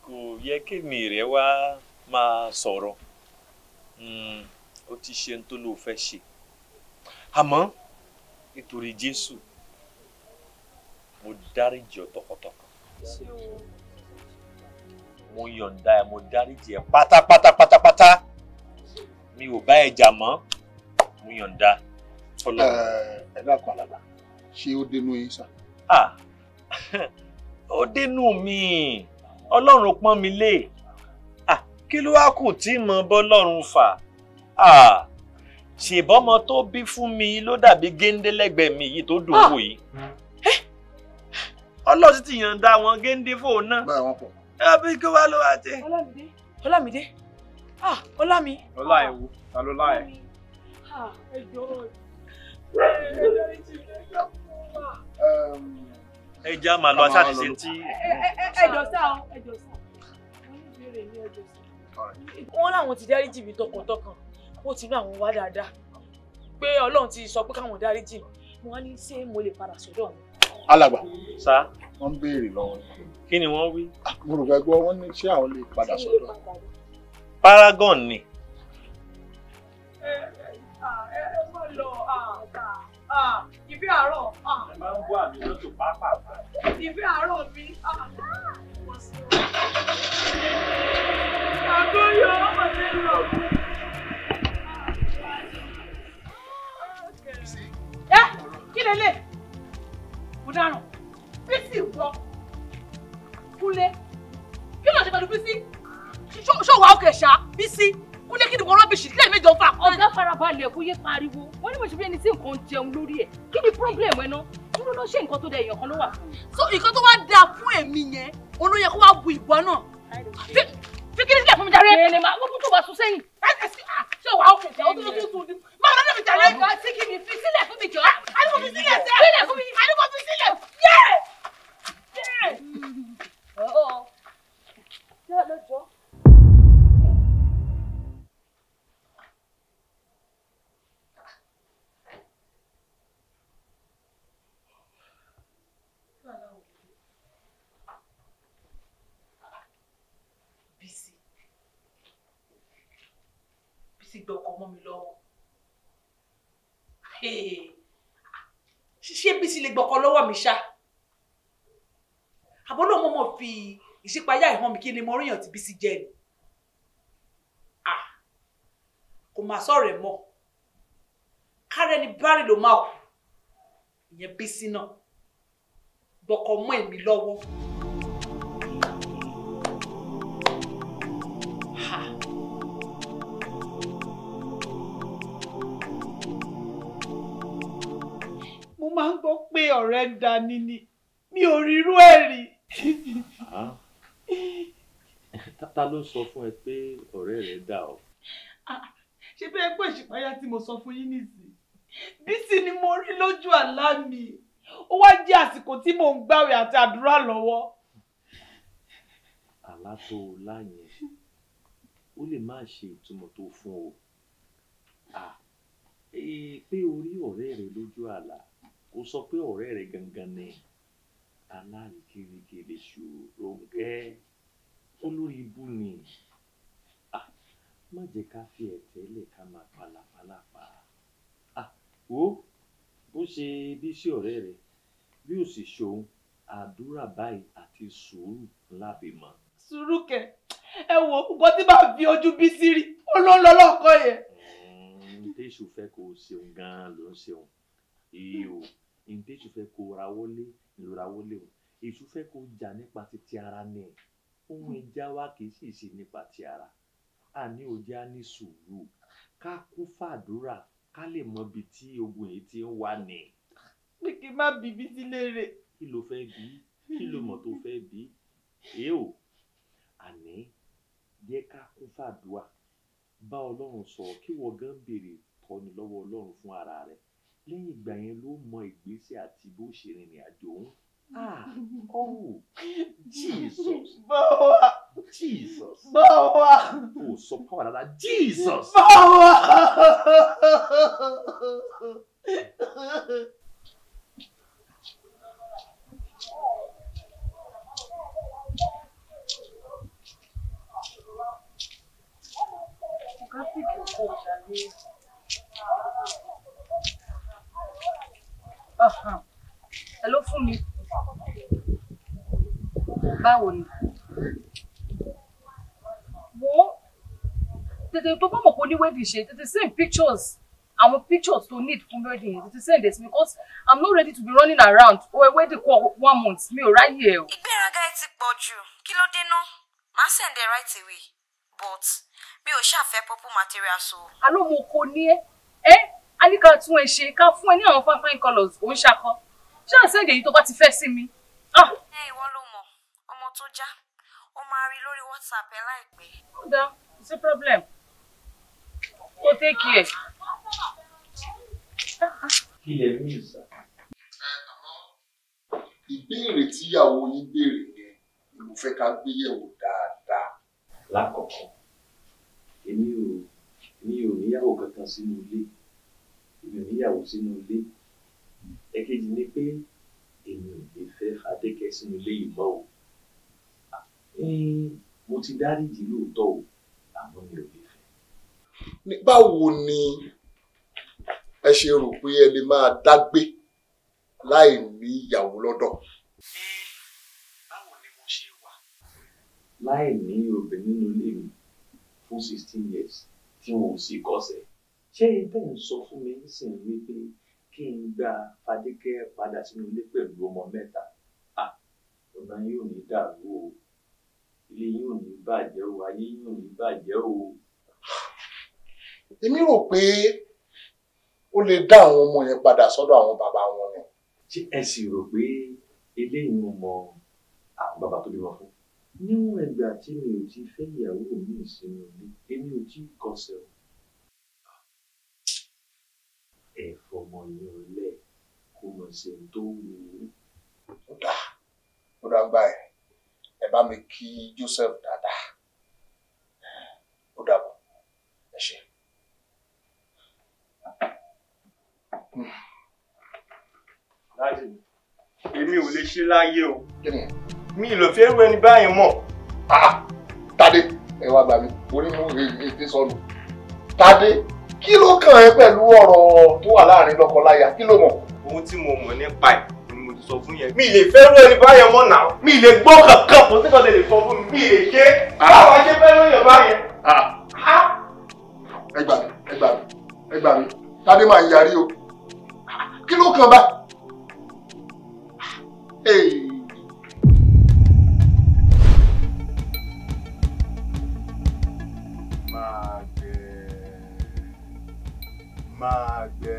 F: kò yẹ kémi rẹ wá máa sọ̀rọ̀ hmm, ó ti ṣe n tó lóò fẹ́ ṣe àmọ́ nítorí jésù mo dáríjì ọ tọkàntọkàn mo yọ̀ǹda ẹ mo dáríjì ẹ pátápátá pátápátá mi ò bá ẹ jà mọ́ mo yọ̀ǹda tọ́lọ́. ẹ dákun alàgbà ṣé ó dénú yín sá. ó dénú mi ọlọ́run pọ́n mi lé kí ló wá kù tí mo bọ́ lọ́run fà. Ah ṣèbọmọ tó bí fún mi ló dàbí géńdé lẹ́gbẹ̀ẹ́ mi yìí tó dùn ah. wò yìí
E: ọlọ́sí ti yànda wọn géńdé fóun náà bá wọn pọ̀ ẹ bí kí wàá ló wá jẹ.
A: ọlámidé ọlámidé ah ọlámi.
E: ọlá ẹ wo ta ló lá ah,
F: ẹ. ẹ máa lọ aṣáà ti ṣe tí. ẹjọ sá
A: o ẹjọ sá o wọn láwọn ti dáríjì mi tọkàntọkàn ó ti rí àwọn wá dáadáa pé ọlọ́run ti sọ pé káwọn dárí jì wọn á ní ṣé mo lè padà sọ́dọ̀ mi.
G: alàgbà sá wọn ń béèrè lọ́wọ́ kí ni wọn wí. Ah, mo rò gbàgbọ́ wọn ní ṣé àwọn lè padà sọ́dọ̀.
F: paragon ni.
C: ẹ ẹ
A: ah, ẹ má lọ àgbà ah, ìfẹ́ àárọ̀. ẹ máa ń bọ́ àmì lọ́tò pápá. ìfẹ́ àárọ̀ mi. Àgọ́yọ̀ ọmọdé lọ. kí lélẹ̀ mo dáràn bísí wọ kúnlé kí ló ṣe pẹ̀lú bísí ṣòwò àókè ṣá bísí kúnlé kí ni mo rọ́bìṣì kílẹ̀ méjọ fà kọ́. ọ̀gá farabalẹ̀ kó yé pariwo wọ́n ní mo ṣe bí ẹni tí nǹkan jẹun lórí ẹ̀ kí ni problem ẹ̀ náà dúró ló ṣe nǹkan tó dẹ̀ èèyàn kan ló wà fún so nǹkan tó wá dáa fún èmi yẹn olóyè kó wá bu ìbọn náà fi kiri sílẹ̀ fún mi jàre. ẹnì máa wọ́n tún bá sún sẹ́yìn. Ah, ṣé wàá òkè tẹ ọdún tó tún ní. máa rẹ́ mi jàre. ọjọ́ tí kì fi sílẹ̀ fún mi jọ. àdúgbò ah, fi sílẹ̀ sẹ́. sílẹ̀ fún mi. àdúgbò fi sílẹ̀. yẹ́ẹ̀. yẹ́ẹ̀. lọ́jọ́ ṣé bí sílẹ̀ gbọ́kọ lọ́wọ́ mi ṣá àbọ̀lọ́ mo mọ̀ fi ìṣípayá ìhàn mi kí ni mo ríyàn tí bí sí jẹ́ ni ah, kò máa sọ̀rọ̀ ẹ̀ mọ́ kárẹ́ ni bárẹ̀ ló máa kù ìyẹn bí sí náà gbọ́kọ mọ́ èmi lọ́wọ́. ń gbọ́ pé ọ̀rẹ́ ń dání ni mi ò rírú ẹ̀ rí.
F: Ah. ta ló sọ fún ẹ pé ọ̀rẹ́ rẹ dà ọ́.
A: Ah, ṣé bẹ́ẹ̀ pé ìṣípayá tí mo sọ fún yín nìsín bísí ni mo rí lójú àlá mi ó wá jẹ́ àsìkò tí mò ń gbàwẹ̀ àti àdúrà lọ́wọ́.
F: àlá tó o láyẹn ó lè má ṣe ìtumọ̀ tó fún o ah, pé o ọ̀rẹ́ rẹ lójú àlá kò sọ pé ọ̀rẹ́ rẹ̀ gangan ni alárìkèrèkèrè ṣòro gẹ́ olórí ibú ni má jẹ́ ká fi ẹ̀tẹ́ lẹ̀ ká máa palapala pa wo bó ṣe bí sí ọ̀rẹ́ rẹ̀ bí ó sì ṣòun àdúrà báyìí àti sùúrù láfi mọ́.
A: sùúrù kẹ ẹ wo nǹkan tí màá fi ojú bí sí rí ó ló ń lọ lọ́kọ̀ yẹn.
F: tẹ̀sù fẹ́ kó o ṣeun gan ló ń ṣeun èyí o ìdẹ́sù fẹ́ kó rawọ́lé ìrawọ́lé o èṣù fẹ́ kó jà nípa titi ara ni ohun ìjà wa kì í sì ṣe nípa ti ara àní òjá ní sùúrù ká kún fàdúrà ká lè mọ ibi tí ogun yìí ti ń wà ní.
A: pé kí n má bíbí sí léèrè.
F: kí ló fẹ́ bí kí ló mọ̀ tó fẹ́ bí èé o àní jẹ́ ká kún fàdúrà bá ọlọ́run sọ̀rọ̀ kí wọ́n gan béèrè tọ́ni lọ́wọ́ ọlọ́run fún ara rẹ̀ lẹ́yìn ìgbà yẹn ló mọ ìgbésẹ̀ àti bó ṣe rìnrìn àjò òun.
A: Ah, oh, Jesus. Boa! Jesus. Boa! Kò
H: sọ pàwọ́ dáadáa, Jesus.
A: Boa! Thank you. ẹ ló fún mi báwo ni wo tètè tó bá mọ̀ pé ó ní wedding ṣe tètè send pictures àwọn pictures to need fún wedding yẹn tètè send it because i'm not ready to be running around or a wedding for one month mi ò ráyè ẹ o. ìgbéraga ẹ ti pọ̀ jù kí ló dé náà màá send ẹ right away but mi ò ṣàfẹ́ purple material so. àlọ́ mo kò ní ẹ́ a ní ká tún ẹ ṣe ká fún ẹ ní àwọn fine fine colours òun ṣakọ ṣé à ń sẹ́ǹdì èyí tó bá ti fẹ́ sí mi. Ah! ẹ ìwọ ló mọ ọmọ tó já ó máa rí lórí WhatsApp ẹ láìpẹ́. ó dáa kò sí problem kò tẹ́ kí ẹ. kí lè
G: mí ìsà. ìbéèrè tíyàwó yín béèrè yẹn ni mo fẹ́ ká gbéyẹ̀wò dáadáa.
F: lákọ̀ọ́kọ́ èmi ò èmi ò níyàwó kankan sínú ilé èmi ò níyàwó sínú ilé ẹ̀kejì ni pé èmi ò lè fẹ́ Fadékẹ́ sínú ilé yìí mọ́ o mo ti dáríjì lóòótọ́ o àmọ́ mi ò lè fẹ́. ní báwo ni
G: ẹ ṣe rò pé ẹ lè máa dágbé láì ní ìyàwó lọ́dọ̀.
F: báwo ni mo ṣe wà. láì ní obìnrin nínú ilé mi fún sixteen years tí wọn ò sì kọsẹ̀
H: ṣé ibẹ̀ ń sọ fún mi nísìnyí wípé kí n gba fadékẹ́ padà sínú ilé pẹ̀lú ọmọ mẹ́ta ọ̀nà yóò ní dàrú o ilé yóò ní bàjẹ́
G: o ayé yóò ní bàjẹ́ o. èmi rò pé ó lè dá àwọn ọmọ yẹn padà sọ́dọ̀ àwọn bàbá wọn ni.
H: ṣé ẹ sì rò pé eléyìí mo mọ àwọn bàbá tó bímọ fún. níwọ̀n ẹgbà tí mi ò ti fẹ́
F: ìyàwó mi sínú ilé èmi ò tí ì kọsẹ̀ o. ẹ fọmọ yẹn lẹ kó mọ ṣe tó wù ú.
G: ó dà ó dà gbà ẹ ẹ bá mi kí Joseph dáadáa ó dàbọ̀ ẹ ṣe.
E: láti èmi ò lè ṣe láyé o mi ì lọ fẹ́ rú ẹni báyìí mọ̀. Ah, Tádé
G: ẹ wá gbà mí onímọ̀ èdè sọnù Tádé kí ló kàn ẹ́ pẹ̀lú
E: ọ̀rọ̀ tó wà láàrin lọ́kọláya kí ló mọ̀. ohun tí mo mọ̀ nípa ẹ̀ ni mo ti sọ fún yẹn. mi lè fẹ́rù ẹni báyẹn mọ́ náà mi lè gbọ́ kankan kò síkan lè sọ fún mi mi lè ṣe ah. báwa ṣe fẹ́rù ẹ̀yàn báyẹn. Ah. Ah. ẹ gbà mí ẹ gbà mí ẹ gbà mí
G: tádé máa yarí o kí ló kàn bá. máa gbẹ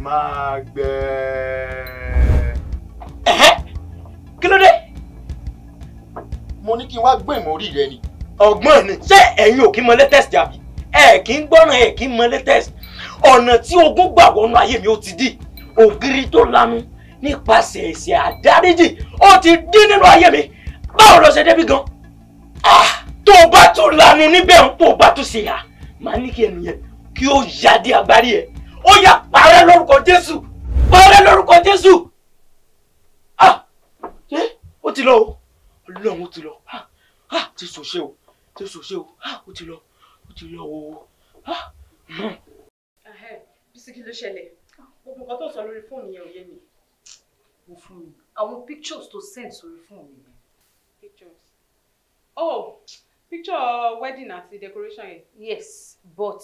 G: máa gbẹ.
E: kí ló dé mo ní kí n wá gbọ́n ìmọ̀ orí rẹ ni. ọgbọ́n ni ṣé ẹ̀yin ò kí mọ latest àbí ẹ̀ kí ń gbọ́ràn ẹ̀ kí mọ latest ọ̀nà tí ogún gbà wọnú ayé mi ó ti dì ògiri tó lanu nípasẹ̀ ẹ̀sẹ̀ àdáríjì ó ti dín nínú ayé mi báwo ló ṣe débi gan. Ah! tó o bá tún lanu níbẹ̀ ń pò bá tún ṣe yà
A: máa ní kí ẹnìyẹn
E: kí ó ya dé agbárí ẹ ó yà parẹ́ lórúkọ jésù parẹ́ lórúkọ jésù ah ṣé ó ti lọ o ọlọ́run ó ti lọ ah ah ti sòṣe o ti sòṣe o ah ó ti lọ ó ti lọ o ah. Hmm.
A: bísí ló ṣẹlẹ̀ gbogbo nǹkan tó sọ lórí fóònù yẹn ò yé mi. mo fún mi àwọn pictures tó send sórí fóònù mi. pictures oh picture wedding àti decoration yẹn. yes but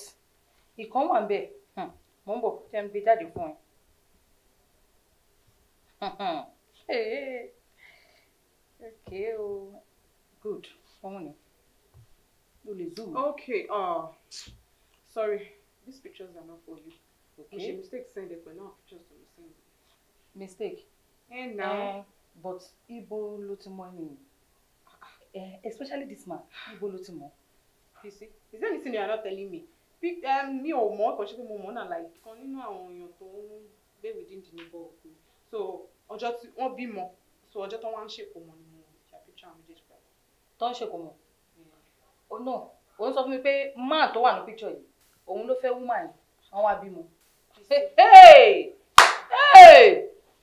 A: ìkan wà ń bẹ̀ hmm. mò ń bọ̀ ṣe ń gbé jáde fún ẹ. Hmm. ok o good òun ni o lè zoom. ok uh, sorry these pictures are not for you. okay mo ṣe mistake send ẹ pẹ̀lú pictures to me. send. mistake. ẹ na. Uh, but ibo ló ti mọ ẹni ah, ah. Eh, especially this man ibo ló ti mọ. you see is there anything you are not telling me mi ò mọ̀ kò ṣe pé mo mọ̀ náà láì kan nínú àwọn èèyàn tó ń gbé within the neighborhood so ọjọ́ tí wọ́n bímọ so ọjọ́ tó wọ́n ń ṣèkó mọ ni mo ya picture àwọn méjèèjì pẹ̀lú. tó ń ṣèkó mọ ọ náà ò ń sọ fún mi pé máà tó wà ní picture yìí òun ló fẹ́ wúmà yìí wọ́n wá bímọ.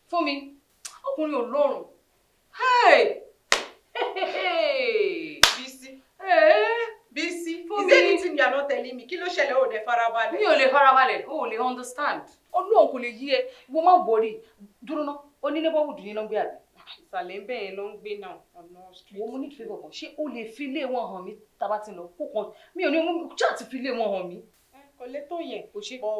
A: fún mi ọkùnrin ò lóorùn. you are not telling me Kilo ló ṣẹlẹ̀ ò dẹ̀ farabalẹ̀. mi ò lè farabalẹ̀ o ò lè understand olóhùn kò lè yí ẹ ìwọ má borí dúró ná onílébọ́wùdù ní ló ń gbé àbí. ìsàlẹ̀ ń bẹ̀yẹn ló ń gbé náà ọ̀nà street. mo ní ìfẹ́ kankan ṣé o lè fi ilé wọn hàn mí tába ti lọ kó kan mi ò ní mú chat fi ilé wọn hàn mí. kò lè tó yẹn kò ṣe bọ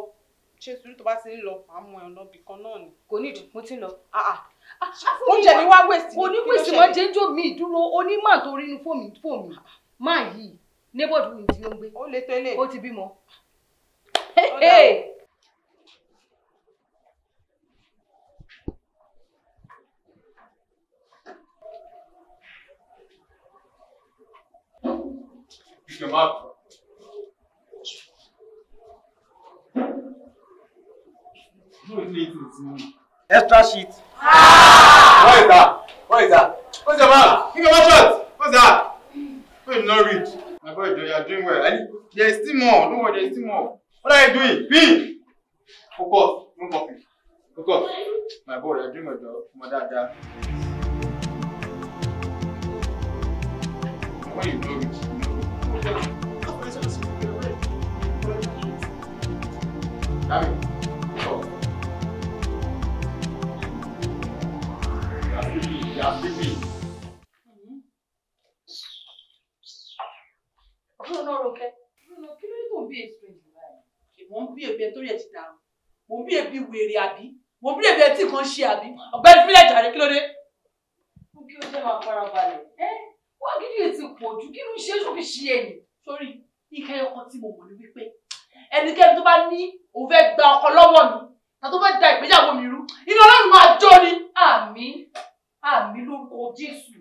A: ṣe sùúrù tó bá ti ń lọ máa mú ẹ ọ̀nà ibì kan náà ni. kò ní ìdí mo ti ń lọ oúnjẹ ah, ah. ah, mi wá wẹ̀sì. oníwèsì wọn jẹ́ jò mí dúró onímọ̀ torí ní fóònù fóònù máa yìí neighborhood ni tí ó to be more. Hey.
H: ti fais up.
E: Extra sheet. Ah! What is that? What is that? What's your mouth? Give me shot! What's
A: that? My boy, you are doing well. And is still more. Don't worry, there is still more. What are you doing? Be Focus. No copy. Focus. My boy, you
E: are doing well. job. My dad, dad. When you do it,
C: you Damn it.
A: mo ń bí ebi ẹ torí ẹ ti dàrú mo ń bí ebi wèrè àbí mo ń bí ebi ẹ kan ṣe àbí ọbẹ ìfúnlẹ jàre kí ló dé. mo kí o jẹ́ máa fara balẹ̀ ẹ́ wọ́n gidi lè ti pọ̀ jù kí ló ṣe é tó ṣe ẹ̀yìn. sórí ike ọkọ tí mo mọ̀ ní wípé ẹnikẹ́ni tó bá ní òun fẹ́ gba ọkọ lọ́wọ́ mi tàbí tó fẹ́ da ìgbéyàwó mi rú inú ọlọ́run máa jó ni. àmín àmín lórúkọ jésù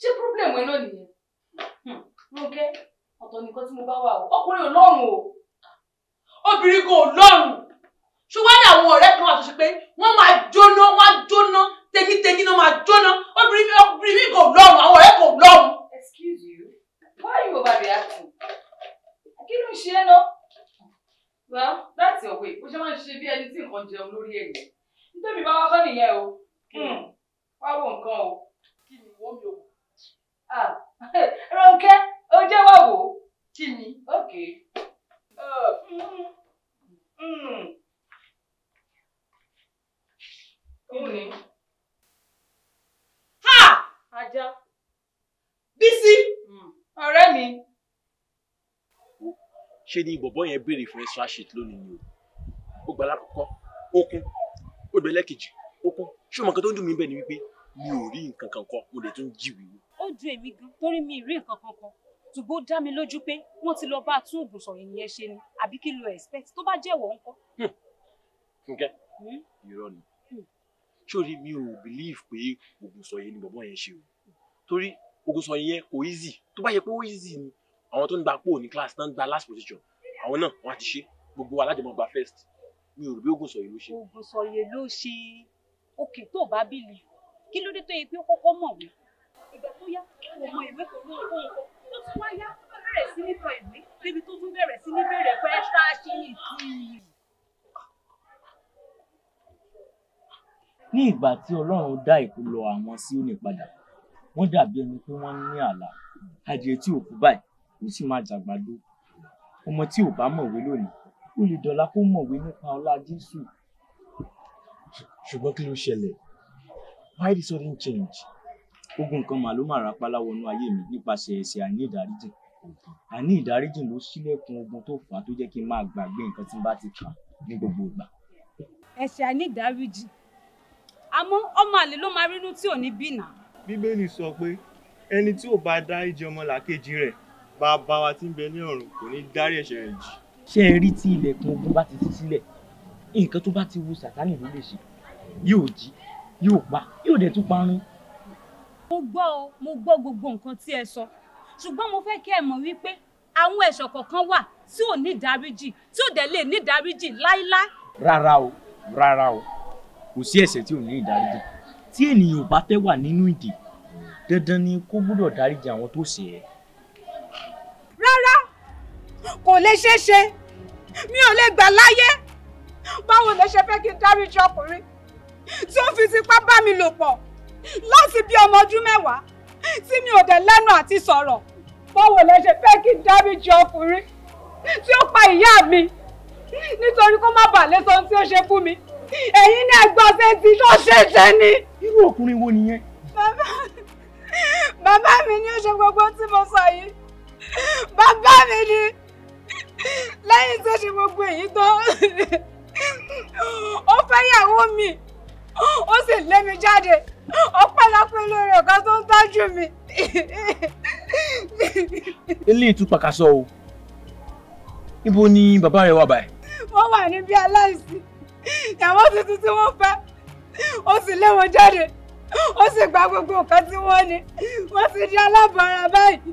A: ṣé pírọ́blẹ̀mù ẹ náà nìyẹn. Hm, ronke ọ̀tọ̀ nìkan tí mo bá wà ọkùnrin ò lọ́rùn o obìnrin kan lọ́rùn ṣùgbọ́n àwọn ọ̀rẹ́ kan àtúnṣe pé wọ́n máa jóná wọ́n á jóná tẹ̀yìntẹ̀yìn náà máa jóná obìnrin mi lọ́rùn àwọn ọ̀rẹ́ kan lọ́rùn. excuse you why are you overreacting kí ló ń ṣe é ná well that's your way bó ṣe máa ń ṣe bí ẹni tí nǹkan jẹun lórí ẹ̀yẹ nítorí bá wá kọ́ nìyẹn o hmm. wá wo nǹkan o kí ni wọ́n mi ò ah. Ronke o jẹ́ wò kí ni. okay. Kíni? Ha! Ajá. Bísí. Hmm. Ọ̀rẹ́ mi.
E: Ṣé ni bọ̀bọ́ yẹn béèrè fún extra sheet lónìí ni o? Ó gbà lákòókò, ó kún, ó gbẹ lẹ́kejì, ó kún. Ṣé ọmọ kan tó ń dùn mí bẹ́ẹ̀ ni wípé mi ò rí nǹkan kan kọ, mo lè tún jí wíwú.
A: Ó ju èmi gan torí mi rí nǹkan kan kọ ṣùgbọ́n ó dá mi lójú pé wọ́n ti lọ bá a tún oògùn sọ̀rọ̀ ìyẹn ṣe ni àbí kí lo expect tó bá jẹ́wọ́ ńkọ́.
F: Hmm. Fúnkẹ́ hmm? irọ́ ni
A: hmm.
E: sórí mi ò believe pé oògùn sọ̀rọ̀ yẹn ni bọ̀bọ̀ yẹn ṣe o torí oògùn sọ̀rọ̀ yẹn kò easy tó bá yẹ pé ó easy ni àwọn tó ń gba pò ní class náà ń gba last position àwọn náà wọ́n á ti ṣe gbogbo alájọmọ̀ gba first mi ò rò bí oògùn sọ̀rọ̀ ló ṣe.
A: oògùn sọ̀rọ̀ ló ṣe òkè tó bá bìlì kí ló dé tó
E: ní ìgbà tí ọlọ́run dá ìpolọ àwọn Síónì padà wọ́n dàbí ẹni pé wọ́n ní àlà adìẹ tí ò kú báyìí ó sì máa jàgbàdo ọmọ tí ò bá mọ̀wé lónìí ó lè dọ̀la kó mọ̀wé nípa ọlá Jésù. ṣùgbọ́n kí ló ṣẹlẹ̀ why the sudden change? ogun nǹkan màá ló máa ra pálá wọnú ayé mi nípasẹ̀ ẹ̀ṣẹ̀ àìní ìdáríjì àìní ìdáríjì ló ṣílẹ̀kùn ogun tó fà á tó jẹ́ kí n máa gbàgbé nǹkan tí n bá ti kà ní gbogbo ìgbà.
A: ẹ̀ṣẹ̀ àìní ìdáríjì àmọ́ ọmọ àlè ló máa rínú tí ò ní bínà.
E: bíbélì sọ pé ẹni tí ò bá dáríjì ọmọlàkejì rẹ̀ bàbá wa tí ń bẹ ní ọ̀run kò ní dárí ẹ̀ṣẹ̀ rẹ̀ jì. ṣé ẹ rí tí ilẹ̀kùn ogun bá ti ṣí sílẹ̀ nǹkan tó bá ti wu sàtánì ló lè ṣe yóò jí yóò pa yóò dẹ̀ tún parun
A: mo gbọ́ o mo gbọ́ gbogbo nǹkan tí ẹ sọ ṣùgbọ́n mo fẹ́ kí ẹ mọ̀ wípé àwọn ẹ̀ṣọ̀ kọ̀ọ̀kan wà tí ò ní ìdáríjì tí ò dẹ̀ lè ní ìdáríjì láíláí.
E: rárá o rárá o kò sí ẹ̀ṣẹ̀ tí ò ní ìdáríjì tí ènìyàn ò bá fẹ́ wà nínú ìdè dandan ni kó gbọ́dọ̀ dáríjì àwọn tó ṣe é.
C: rárá kò lè ṣeé ṣe mi ò lè gbà láyé báwo lè ṣe fẹ́ kí n dáríjì ọkùnrin tí ó fi tipá bá mi lò pọ̀ láti bí ọmọ ọdún mẹ́wàá tí mi ò dẹ̀ lẹ́nu àti sọ̀rọ̀ báwo lẹ ṣe fẹ́ kí n dáríjì ọkùnrin tí ó pa ìyá mi nítorí kó má bàa lè sọ ohun tí ó ṣe fún mi ẹ̀yin ní ẹgbọ́n ṣe ti tó ṣẹ̀ṣẹ̀ ni.
E: irú ọkùnrin wo nìyẹn.
C: bàbá mi ni ó ṣe gbogbo tí mo sọ yìí bàbá mi ni lẹ́yìn tó ṣe gbogbo èyí tó ó fẹ́ yàwó mi ó sì lé mi jáde ọpẹ́lọpẹ́ lórí ọ̀kan tó ń tọ́jú mi.
E: eléyìí tún pàkàṣọ o ibo ni bàbá
I: rẹ wà báyìí.
C: wọ́n wà níbi aláìsí ìyàwó tuntun tí wọ́n fẹ́ ó sì lé wọn jáde ó sì gba gbogbo nǹkan tí wọ́n ní wọ́n sì di alábọ̀ọ́ra báyìí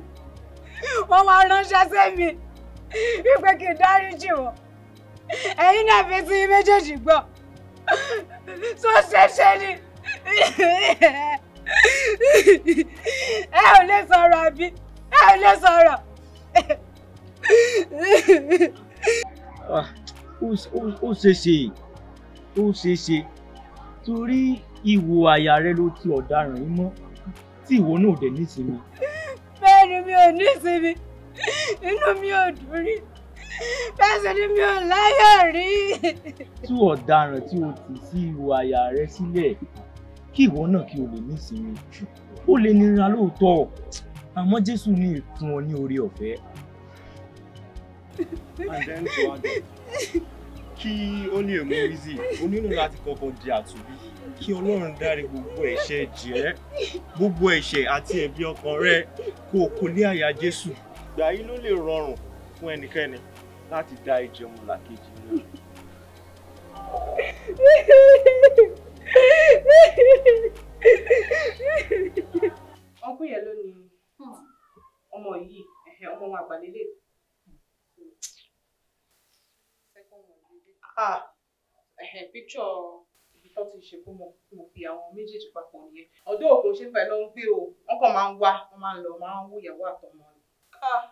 C: wọ́n wá ránṣẹ́ sí mi wípé kí n dáríjì wọ́n ẹ̀yin náà fi sí méjèèjì gbọ́ tó ṣeéṣe ni ẹ ò lè sọ̀rọ̀ àbí ẹ ò lè sọ̀rọ̀.
E: ó ṣeéṣe ó ṣeéṣe torí ìwò àyà rẹ ló ti ọ̀daràn yìí mọ́ tí ìwọ náà dẹ̀ nísinmi.
C: bẹ́ẹ̀ni mi ò nísinmi inú mi ò dùn rí bẹ́ẹ̀ ni mi ò láyọ̀ rí.
E: tú ọ̀daràn tí o tì sí ìwò àyà rẹ sílẹ̀ kí ìwọ náà kí o lè ní ìsinmi ó lè nira lóòótọ́ àmọ́ Jésù ní ìfún ọ ní oore ọ̀fẹ́. kí ó lè mú wíìzì o nílò láti kọ́kọ́ di àtúbí kí Ọlọ́run dárí gbogbo ẹ̀ṣẹ̀ jẹ́ gbogbo ẹ̀ṣẹ̀ àti ẹ̀bi ọkàn rẹ kó o kò lé àyà Jésù ìgbà yìí ló lè rọrùn fún ẹnikẹ́ni láti dá ìjẹun
A: làkejì náà. ọkùn yẹn ló ní ọmọ yìí ọmọ wọn àgbà lélẹ̀. Ah, píkṣọ ibi tó ti ṣe fún mo mo fi àwọn méjèèjì papọ̀ nìyẹn ọdún òkun ṣe fẹ́ ló ń gbé o wọn kàn máa ń wá wọn máa ń lọ máa ń wú àtọmọ rẹ. Ah,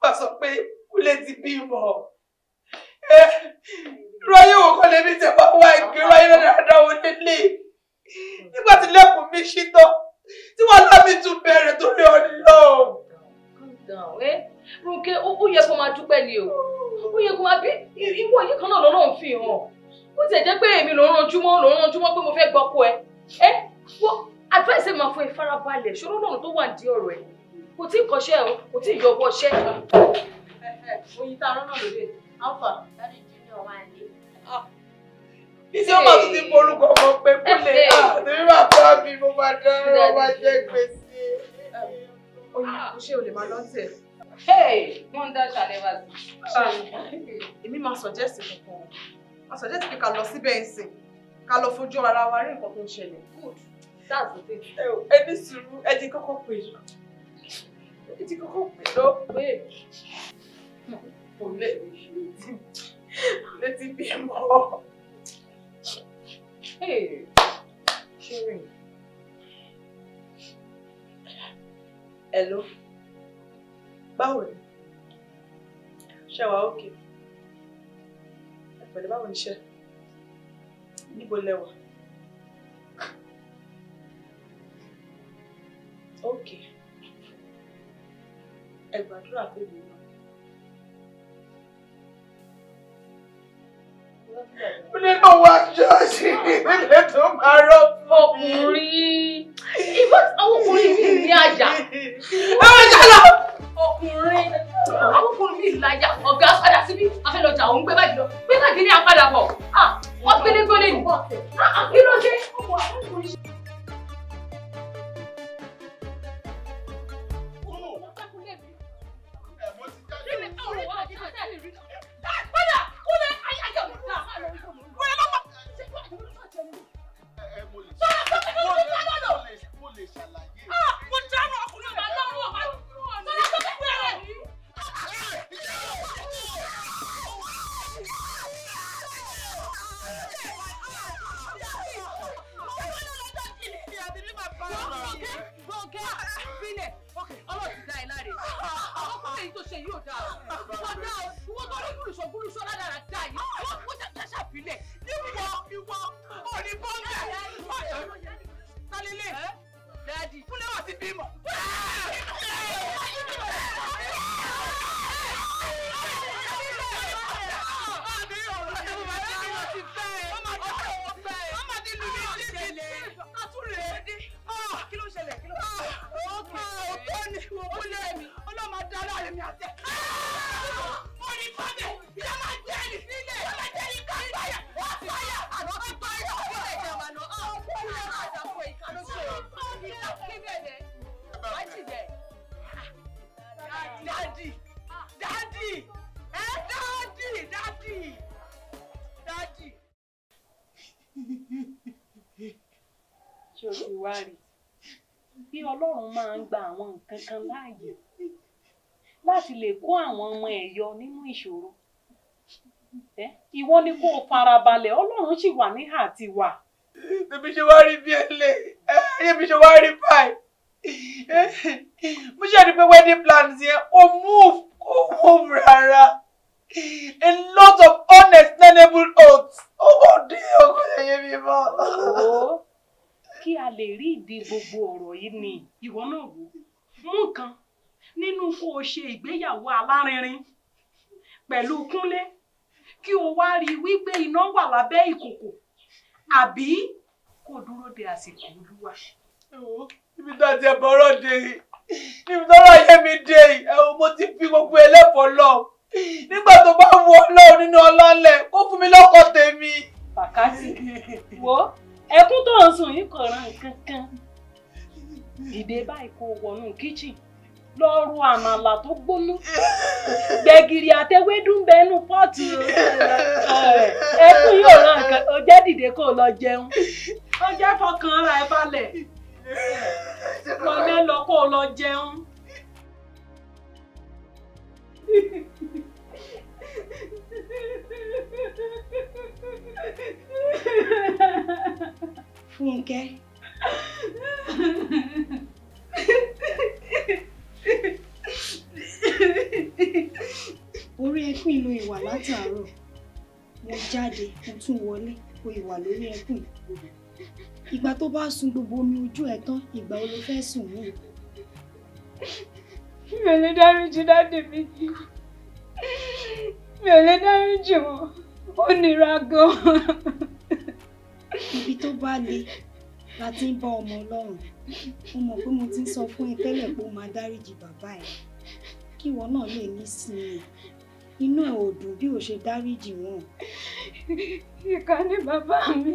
A: wọ́n sọ pé kúlẹ̀ ti bímọ ráyè wò kọ́ lèmi tẹ̀ wá wá ìgbé ráyè dáadáa wò lélẹ̀ nígbà tí lẹ́kùn mi ṣí tán tí wọ́n lábì tún bẹ̀rẹ̀ torí ọ̀nìlọ́. Ronke ó yẹ kó máa dúpẹ́ ni o ó yẹ kó máa bí ìwọ yìí kan náà lọ́nà ń fi hàn ó tẹ̀ jẹ́ pé èmi ló ń ranjúmọ́ ló ń ranjúmọ́ pé mo fẹ́ gbọ́kọ ẹ ẹ eh, wọ́n advice máa fún ìfarabalẹ̀ ṣòro náà tó wà ní ọ̀rọ̀ ẹ̀ kò tí ì kọ́ṣẹ́ o kò tí ì yọ ọwọ́ ṣẹ́. oyin tá a rán náà lóde ọkọ lọ́dún junior wà ní. Ìṣe ọmọ tún ti polúkọ ọmọ pé kúlẹ̀ àtúrí máa fọ́ mi mo máa dáná ah. máa jẹ́ gbèsè. Oyin kò ṣe o lè máa Hey, Wọ́n ń dá ṣàlẹ́wà sí. Ah, èmi máa suggest kankan o. Máa suggest pé ká lọ síbẹ̀ ń sìn. Ká lọ fojú ara wa rí nǹkan tó ń ṣẹlẹ̀. That's the thing. Ẹ ní sùúrù, ẹ ti kọ́kọ́ pè é. Ẹ ti kọ́kọ́ pè é lọ. Let it be more. Hey, ṣúrin hello báwo ni ṣe wà ókè ẹ̀pẹ̀lẹ́ báwo ni ṣe níbo lẹ́wà ókè ẹ gbàdúrà pé mi náà. nínú wa ṣọ́ọ̀ṣì nílé tó máa rọ́pò. ọkùnrin ìbá àwọn ọkùnrin mi ní àjà. ẹ jẹ́ lọ. ọkùnrin àwọn ọkùnrin mi lájà ọ̀gá padà síbí afẹ́lọ́jà òun gbé báyìí lọ gbé báyìí ní apádàbọ̀ ah, wọ́n gbélé gbélé nìkan ah, ah, kí ló dé. ìbílẹ̀ níwọ ìwọ òní bọ́ńgà ọ̀dọ́ tálílẹ̀ dáàdì fúnlẹ̀ wọ́n ti bímọ.
C: Kí ló ń ṣẹlẹ̀? Kí ló ń ṣẹlẹ̀? Ọ̀pọ̀ ni òkú lé mi, ọlọ́mọ dá láàrin mi àtẹ. Daddy, dáàdì ẹ daddy, daddy. dáàdì.
A: ṣé o ti wá rí bí ọlọ́run máa ń gba àwọn nǹkan kan láàyè láti lè kó àwọn ọmọ ẹ̀ yọ nínú ìṣòro ìwọ ni kó o farabalẹ̀ ọlọ́run sì wà níhà tiwa. ẹbí ṣe wá rí bí ẹ lè ẹbí ṣe wá rí báyìí mo ṣe rí pé wedding plans yẹn o move o move Rara. a lot of unexplainable oaths owó dé ọkùnrin yẹn mi mọ. kí a lè rí ìdí gbogbo ọ̀rọ̀ yìí ni ìwọ náà wò mú nǹkan nínú kó o ṣe ìgbéyàwó alárinrin pẹ̀lú kúnlé kí o wá rí i wípé iná wà lábẹ́ ìkòkò àbí kó o dúró de àsìkò olúwa ibi tá a ti ẹ̀bọ̀ ọ̀rọ̀ dé yìí níbi tọ́lá ayé mi dé yìí ẹ̀wọ̀n mo ti fi gbogbo ẹlẹ́fọ̀ọ́ lọ nígbà tó bá wù ọ́ lọ́wọ́ nínú ọlọ́lẹ̀ kó fún mi lọ́kọ tèmi. Bàkátì wo ẹkún tó ń sùn yìí kò ràn nǹkan kan dìde báyìí kó wọnú kíchìn lọ ro àmàlà tó gbóná gbẹ̀gìrì àtẹwédùn bẹnu pọ́ọ̀tì
I: ẹkún yóò ràn nǹkan ó jẹ́ dìde kó lọ jẹun
A: ó jẹ́ fọkàn ara ẹ balẹ̀ lọlé lọ kó o lọ jẹun. Fúnkẹ́. orí ẹkùn ìlú ìwà látàárọ̀ mo jáde mo tún wọlé mo ìwà lórí ẹkùn ìgbà tó bá sun gbogbo omi ojú ẹ tán ìgbà wo ló fẹ́ sùn mí. mi ò lè dáríjì dáàdì mi mi ò lè dáríjì wọn ó nira gan-an. ibi tó bá le la ti ń bá ọmọ ọlọ́run mo mọ̀ pé mo ti ń sọ fún ẹ tẹ́lẹ̀ pé ó máa dáríjì bàbá ẹ kí ìwọ náà lè ní sinmi inú ẹ ò dùn bí ò ṣe
I: dáríjì wọn.
A: ìkànnì bàbá mi.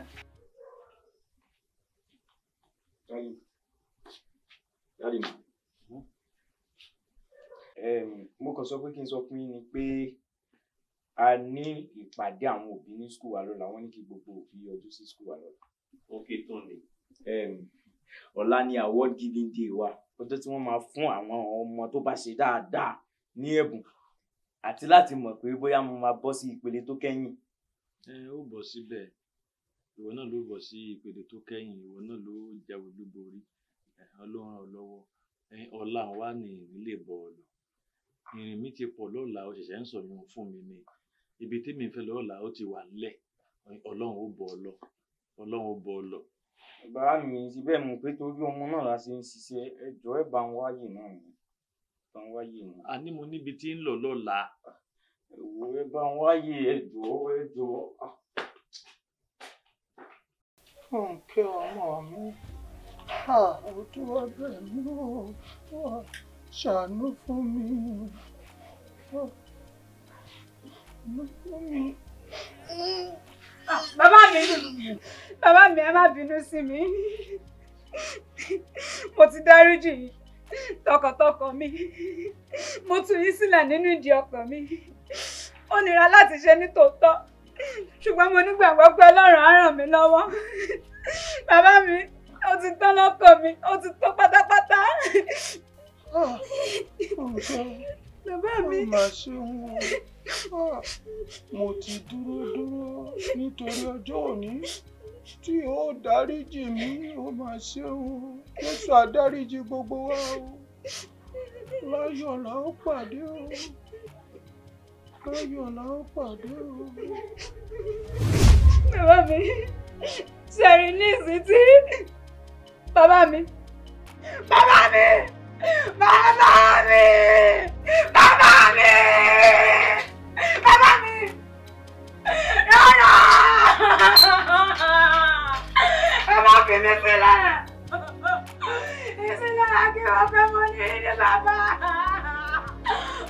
C: dáàdì
E: mi. Mhm. mo kàn sọ pé kí n sọ fún yín ni pé a ní ìpàdé àwọn òbí ní skul wa lọ́la wọ́n ní kí gbogbo òbí yọjú sí skul wa lọ́la. ok tó ní. ọ̀la ni award giving day wa ọjọ́ tí wọ́n máa fún àwọn ọmọ tó bá ṣe dáadáa ní ẹ̀bùn àti láti mọ̀ pé bóyá mo máa bọ́ sí ìpele tó kẹ́yìn. ẹ ó bọ̀ síbẹ̀ ìwọ náà ló bọ̀
F: sí ìpele tó kẹ́yìn ìwọ náà ló jáwé olúborí Ọlọ́run ràn ọ́ lọ́wọ́ ọ̀la wa ni èmi lè bọ́ ọ lọ ìrìn mi ti pọ̀ lọ́la o ṣẹ̀ṣẹ̀ ń sọ yun fún mi ni ibi tí mi fẹ́ lọ́la ó ti wà nílẹ̀ Ọlọ́run ó bọ́ ọ lọ Ọlọ́run
E: ó bọ́ lọ. bàbá mi ti bẹ́ẹ̀ mú pé torí ọmọ náà la ṣe ń ṣiṣẹ́ ẹjọ́ ẹ̀ bá ń wáyè náà ni bá ń wáyè ni.
F: a ní mo níbi tí ń lọ lọ́la. ẹ̀wọ̀
E: ẹ bá ń wáyè ẹjọ́ ẹjọ́. Ah.
A: fúnkẹ́ ọmọ mi òtún ọbẹ̀ náà ṣàánú fún mi ṣàánú
C: fún mi. bàbá mi bàbá mi ẹ má bínú sí mi mo ti dáríjì yìí tọkàntọkàn mi mo tú yín sílẹ̀ nínú ìdí ọkàn mi ó nira láti ṣe ní tòótọ́ ṣùgbọ́n mo nígbàgbọ́ pé ọlọ́run á ràn mí lọ́wọ́ bàbá mi ó ti tán lọ́kọ mi ó ti tán pátápátá.
A: Ah, oh, bàbá mi. ó mà ṣe wọn
I: ah, mo ti dúró dúró nítorí ọjọ́ òní tí ó dáríjì mí ó mà ṣe wọn jésù àdáríjì gbogbo wa o láyọ̀ là ó pàdé o láyọ̀ là ó pàdé o. bàbá mi
C: ṣe àrínísí tí. me, ¡Mamame! me, ¡Mamame! me, ¡No, no! que me pela! ¡Es la que va a morir, mamá!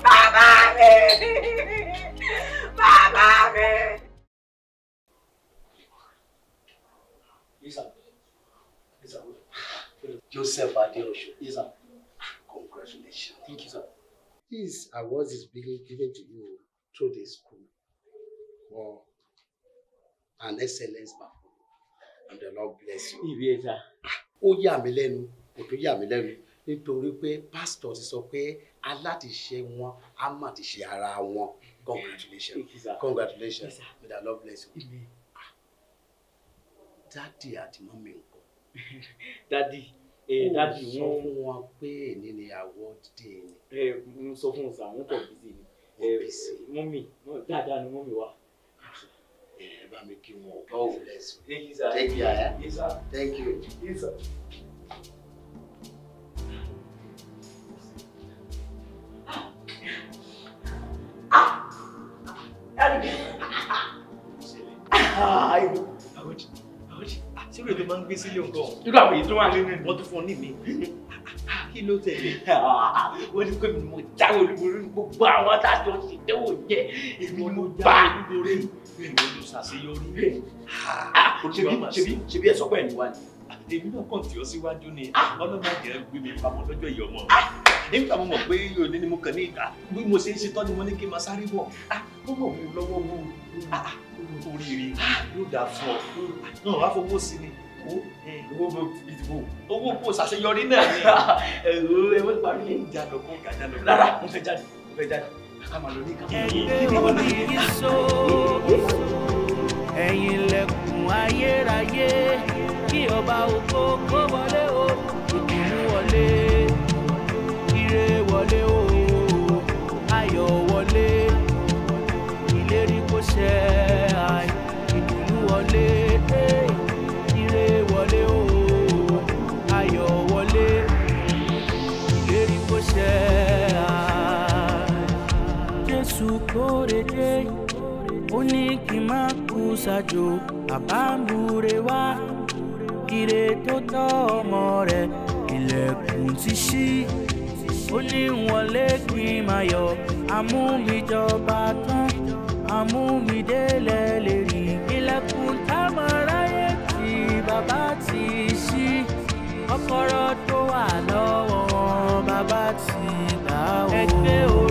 C: ¡Mamame! ¡Mamame!
E: Joseph Adeosho, Yes, sir.
G: Congratulations. Thank you, sir. This award is being given to you through this
F: school
E: for an excellence performance. And the Lord bless you. Ibi ẹja. Ó yà mí lẹ́nu, kò tó yà mí lẹ́nu nítorí pé pásítọ̀ ti sọ pé aláàtìṣe wọn á mà ti ṣe ara wọn. Congratulations. Congratulations. May the Lord bless
D: you. Ah, Dádì
E: àti mọ́mí ńkọ́. Dádì. Eh, dájú wọn. sọ fún
D: wọn pé èmi
E: ni award day ni. ẹ eh, n sọ fún ọsàn àwọn kò bísí ni mọ́mì eh, dáadáa ni mọ́mì wa. ẹ bá mi kí wọn o. báwo lẹ sọ. thank you. thank you. sir. gbé sílé ọkọ. irú àwọn èyí tó wà nínú ìwọ́n tó fún ọ nímì. kí ló tẹ̀lé wọ́n ní pé mi mo jáwé olúborí ní gbogbo àwọn àtàjọ ṣètẹ́wò jẹ èmi mo
F: bá olúborí mi ò lọ ṣàṣeyọrí. ṣebí ṣebí ẹ sọ pé ẹni wá ni èmi náà kàn tí ó síwájú ni ah! ọlọ́gbà jẹ́ gbé mi pamọ́ lọ́jọ́ ìyá ọmọ ah! nígbà mo mọ̀ pé òní ni mo kàn ní ìgbà bí mo ṣe ń ṣetán ni mo ní kí n máa sáré bọ̀ ó ah! mọ̀ mú lọ́wọ́ mú oríire yóò dáa fún ọ náà wá fowó sí
E: ni owó bo ìdìbò owó bo ṣàṣeyọrí náà ni ẹ̀rọ ẹ̀rọ
I: parí lè jà lọ kó gàdá lọ rárá mo fẹ́ jáde mo fẹ́ jáde kàmá lọ ní kàmá lọ ní kàmá. ẹ̀yin lẹ̀kùn ayérayé kí ọba ògo kó wọlé o ìdùnnú wọlé ire wọlé o. ṣáájú àbámúre wá kire tó tọ́ ọmọ rẹ̀ ilẹ̀kùn ti ṣí ó ní wọlé kí n máa yọ amúmijọba tán amúmidélẹ̀ lè rí ilẹ̀kùn támọ̀ráyé tí bàbá ti ṣí kọ́kọ́rọ́ tó wà lọ́wọ́ bàbá ti gbà ó.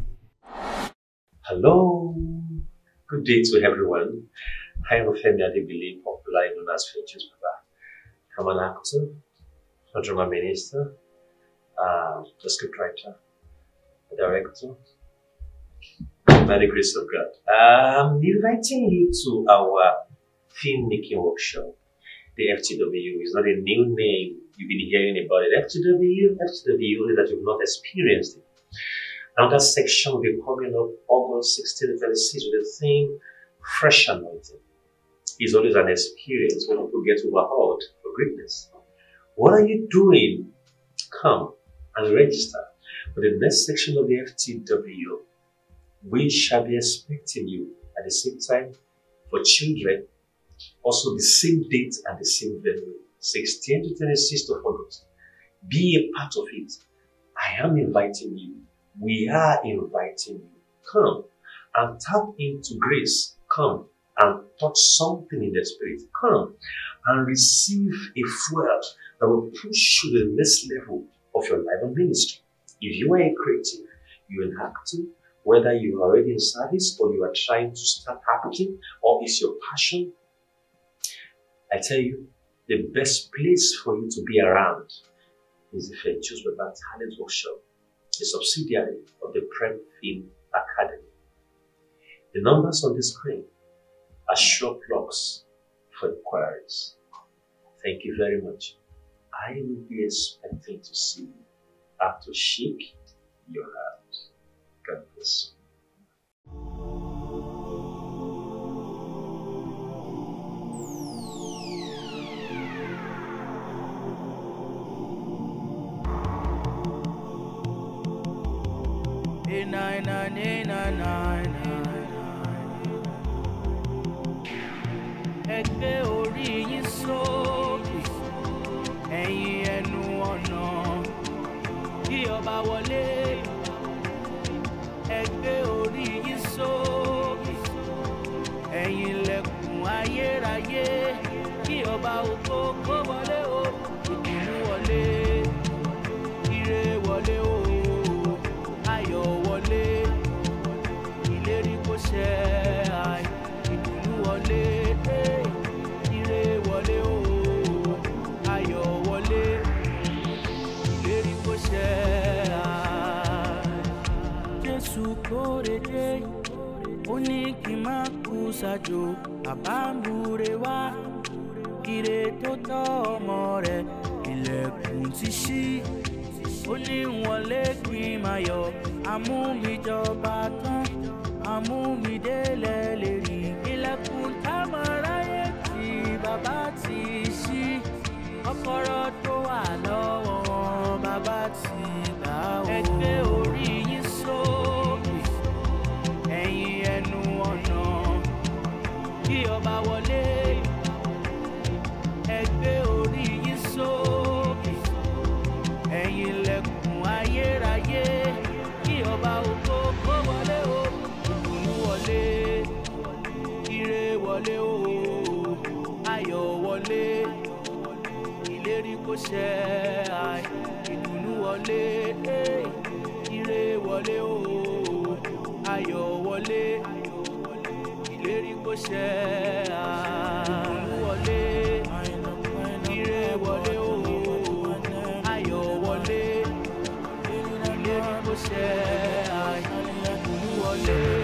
I: Hello. Good day to
H: everyone. I am Femi Adebili, popularly known as Features Baba. I'm an actor, a drama minister, uh, a scriptwriter, a director. By the grace of God, I'm inviting you to our filmmaking workshop. The FTW is not a new name. You've been hearing about it. FTW, FTW, only that you've not experienced it. Another section will be coming up August 16, 26 with the theme Fresh Anointing. It's always an experience when people get overhauled for greatness. What are you doing? Come and register for the next section of the FTW. We shall be expecting you at the same time for children, also the same date and the same venue, 16 to 26th of August. Be a part of it. I am inviting you we are inviting you. Come and tap into grace. Come and touch something in the spirit. Come and receive a fuel that will push you to the next level of your life and ministry. If you are a creative, you are an actor, whether you are already in service or you are trying to start acting or it's your passion, I tell you, the best place for you to be around is if I Choose that Talent Workshop a subsidiary of the Prem Film Academy. The numbers on the screen are sure plugs for inquiries. Thank you very much. I will be expecting to see you and to shake your hand. God bless you.
I: be kí n má kú ṣàjò bàbá múre wá ire tó tọ́ ọmọ rẹ̀ ilẹ̀kùn ti ṣí ó ní wọlé kí n máa yọ amúmijọba tán amúmidélẹ̀ lè rí ilẹ̀kùn támọ̀ráyé tí bàbá ti ṣí kọ́kọ́rọ́ tó wà lọ́wọ́ bàbá ti gbà ó. ọba wọlé ẹ gbé orí yín sókè ẹ̀yin ilẹ̀kùn ayérayé kí ọba ògo kó wọlé o ìdùnnú wọlé ire wọlé o ayọ̀ wọlé ìlérí kó ṣẹ ìdùnnú wọlé ire wọlé o ayọ̀ wọlé kó ṣe àánú wọlé ire wọlé o ayọ̀ wọlé ire kó ṣe wọlé.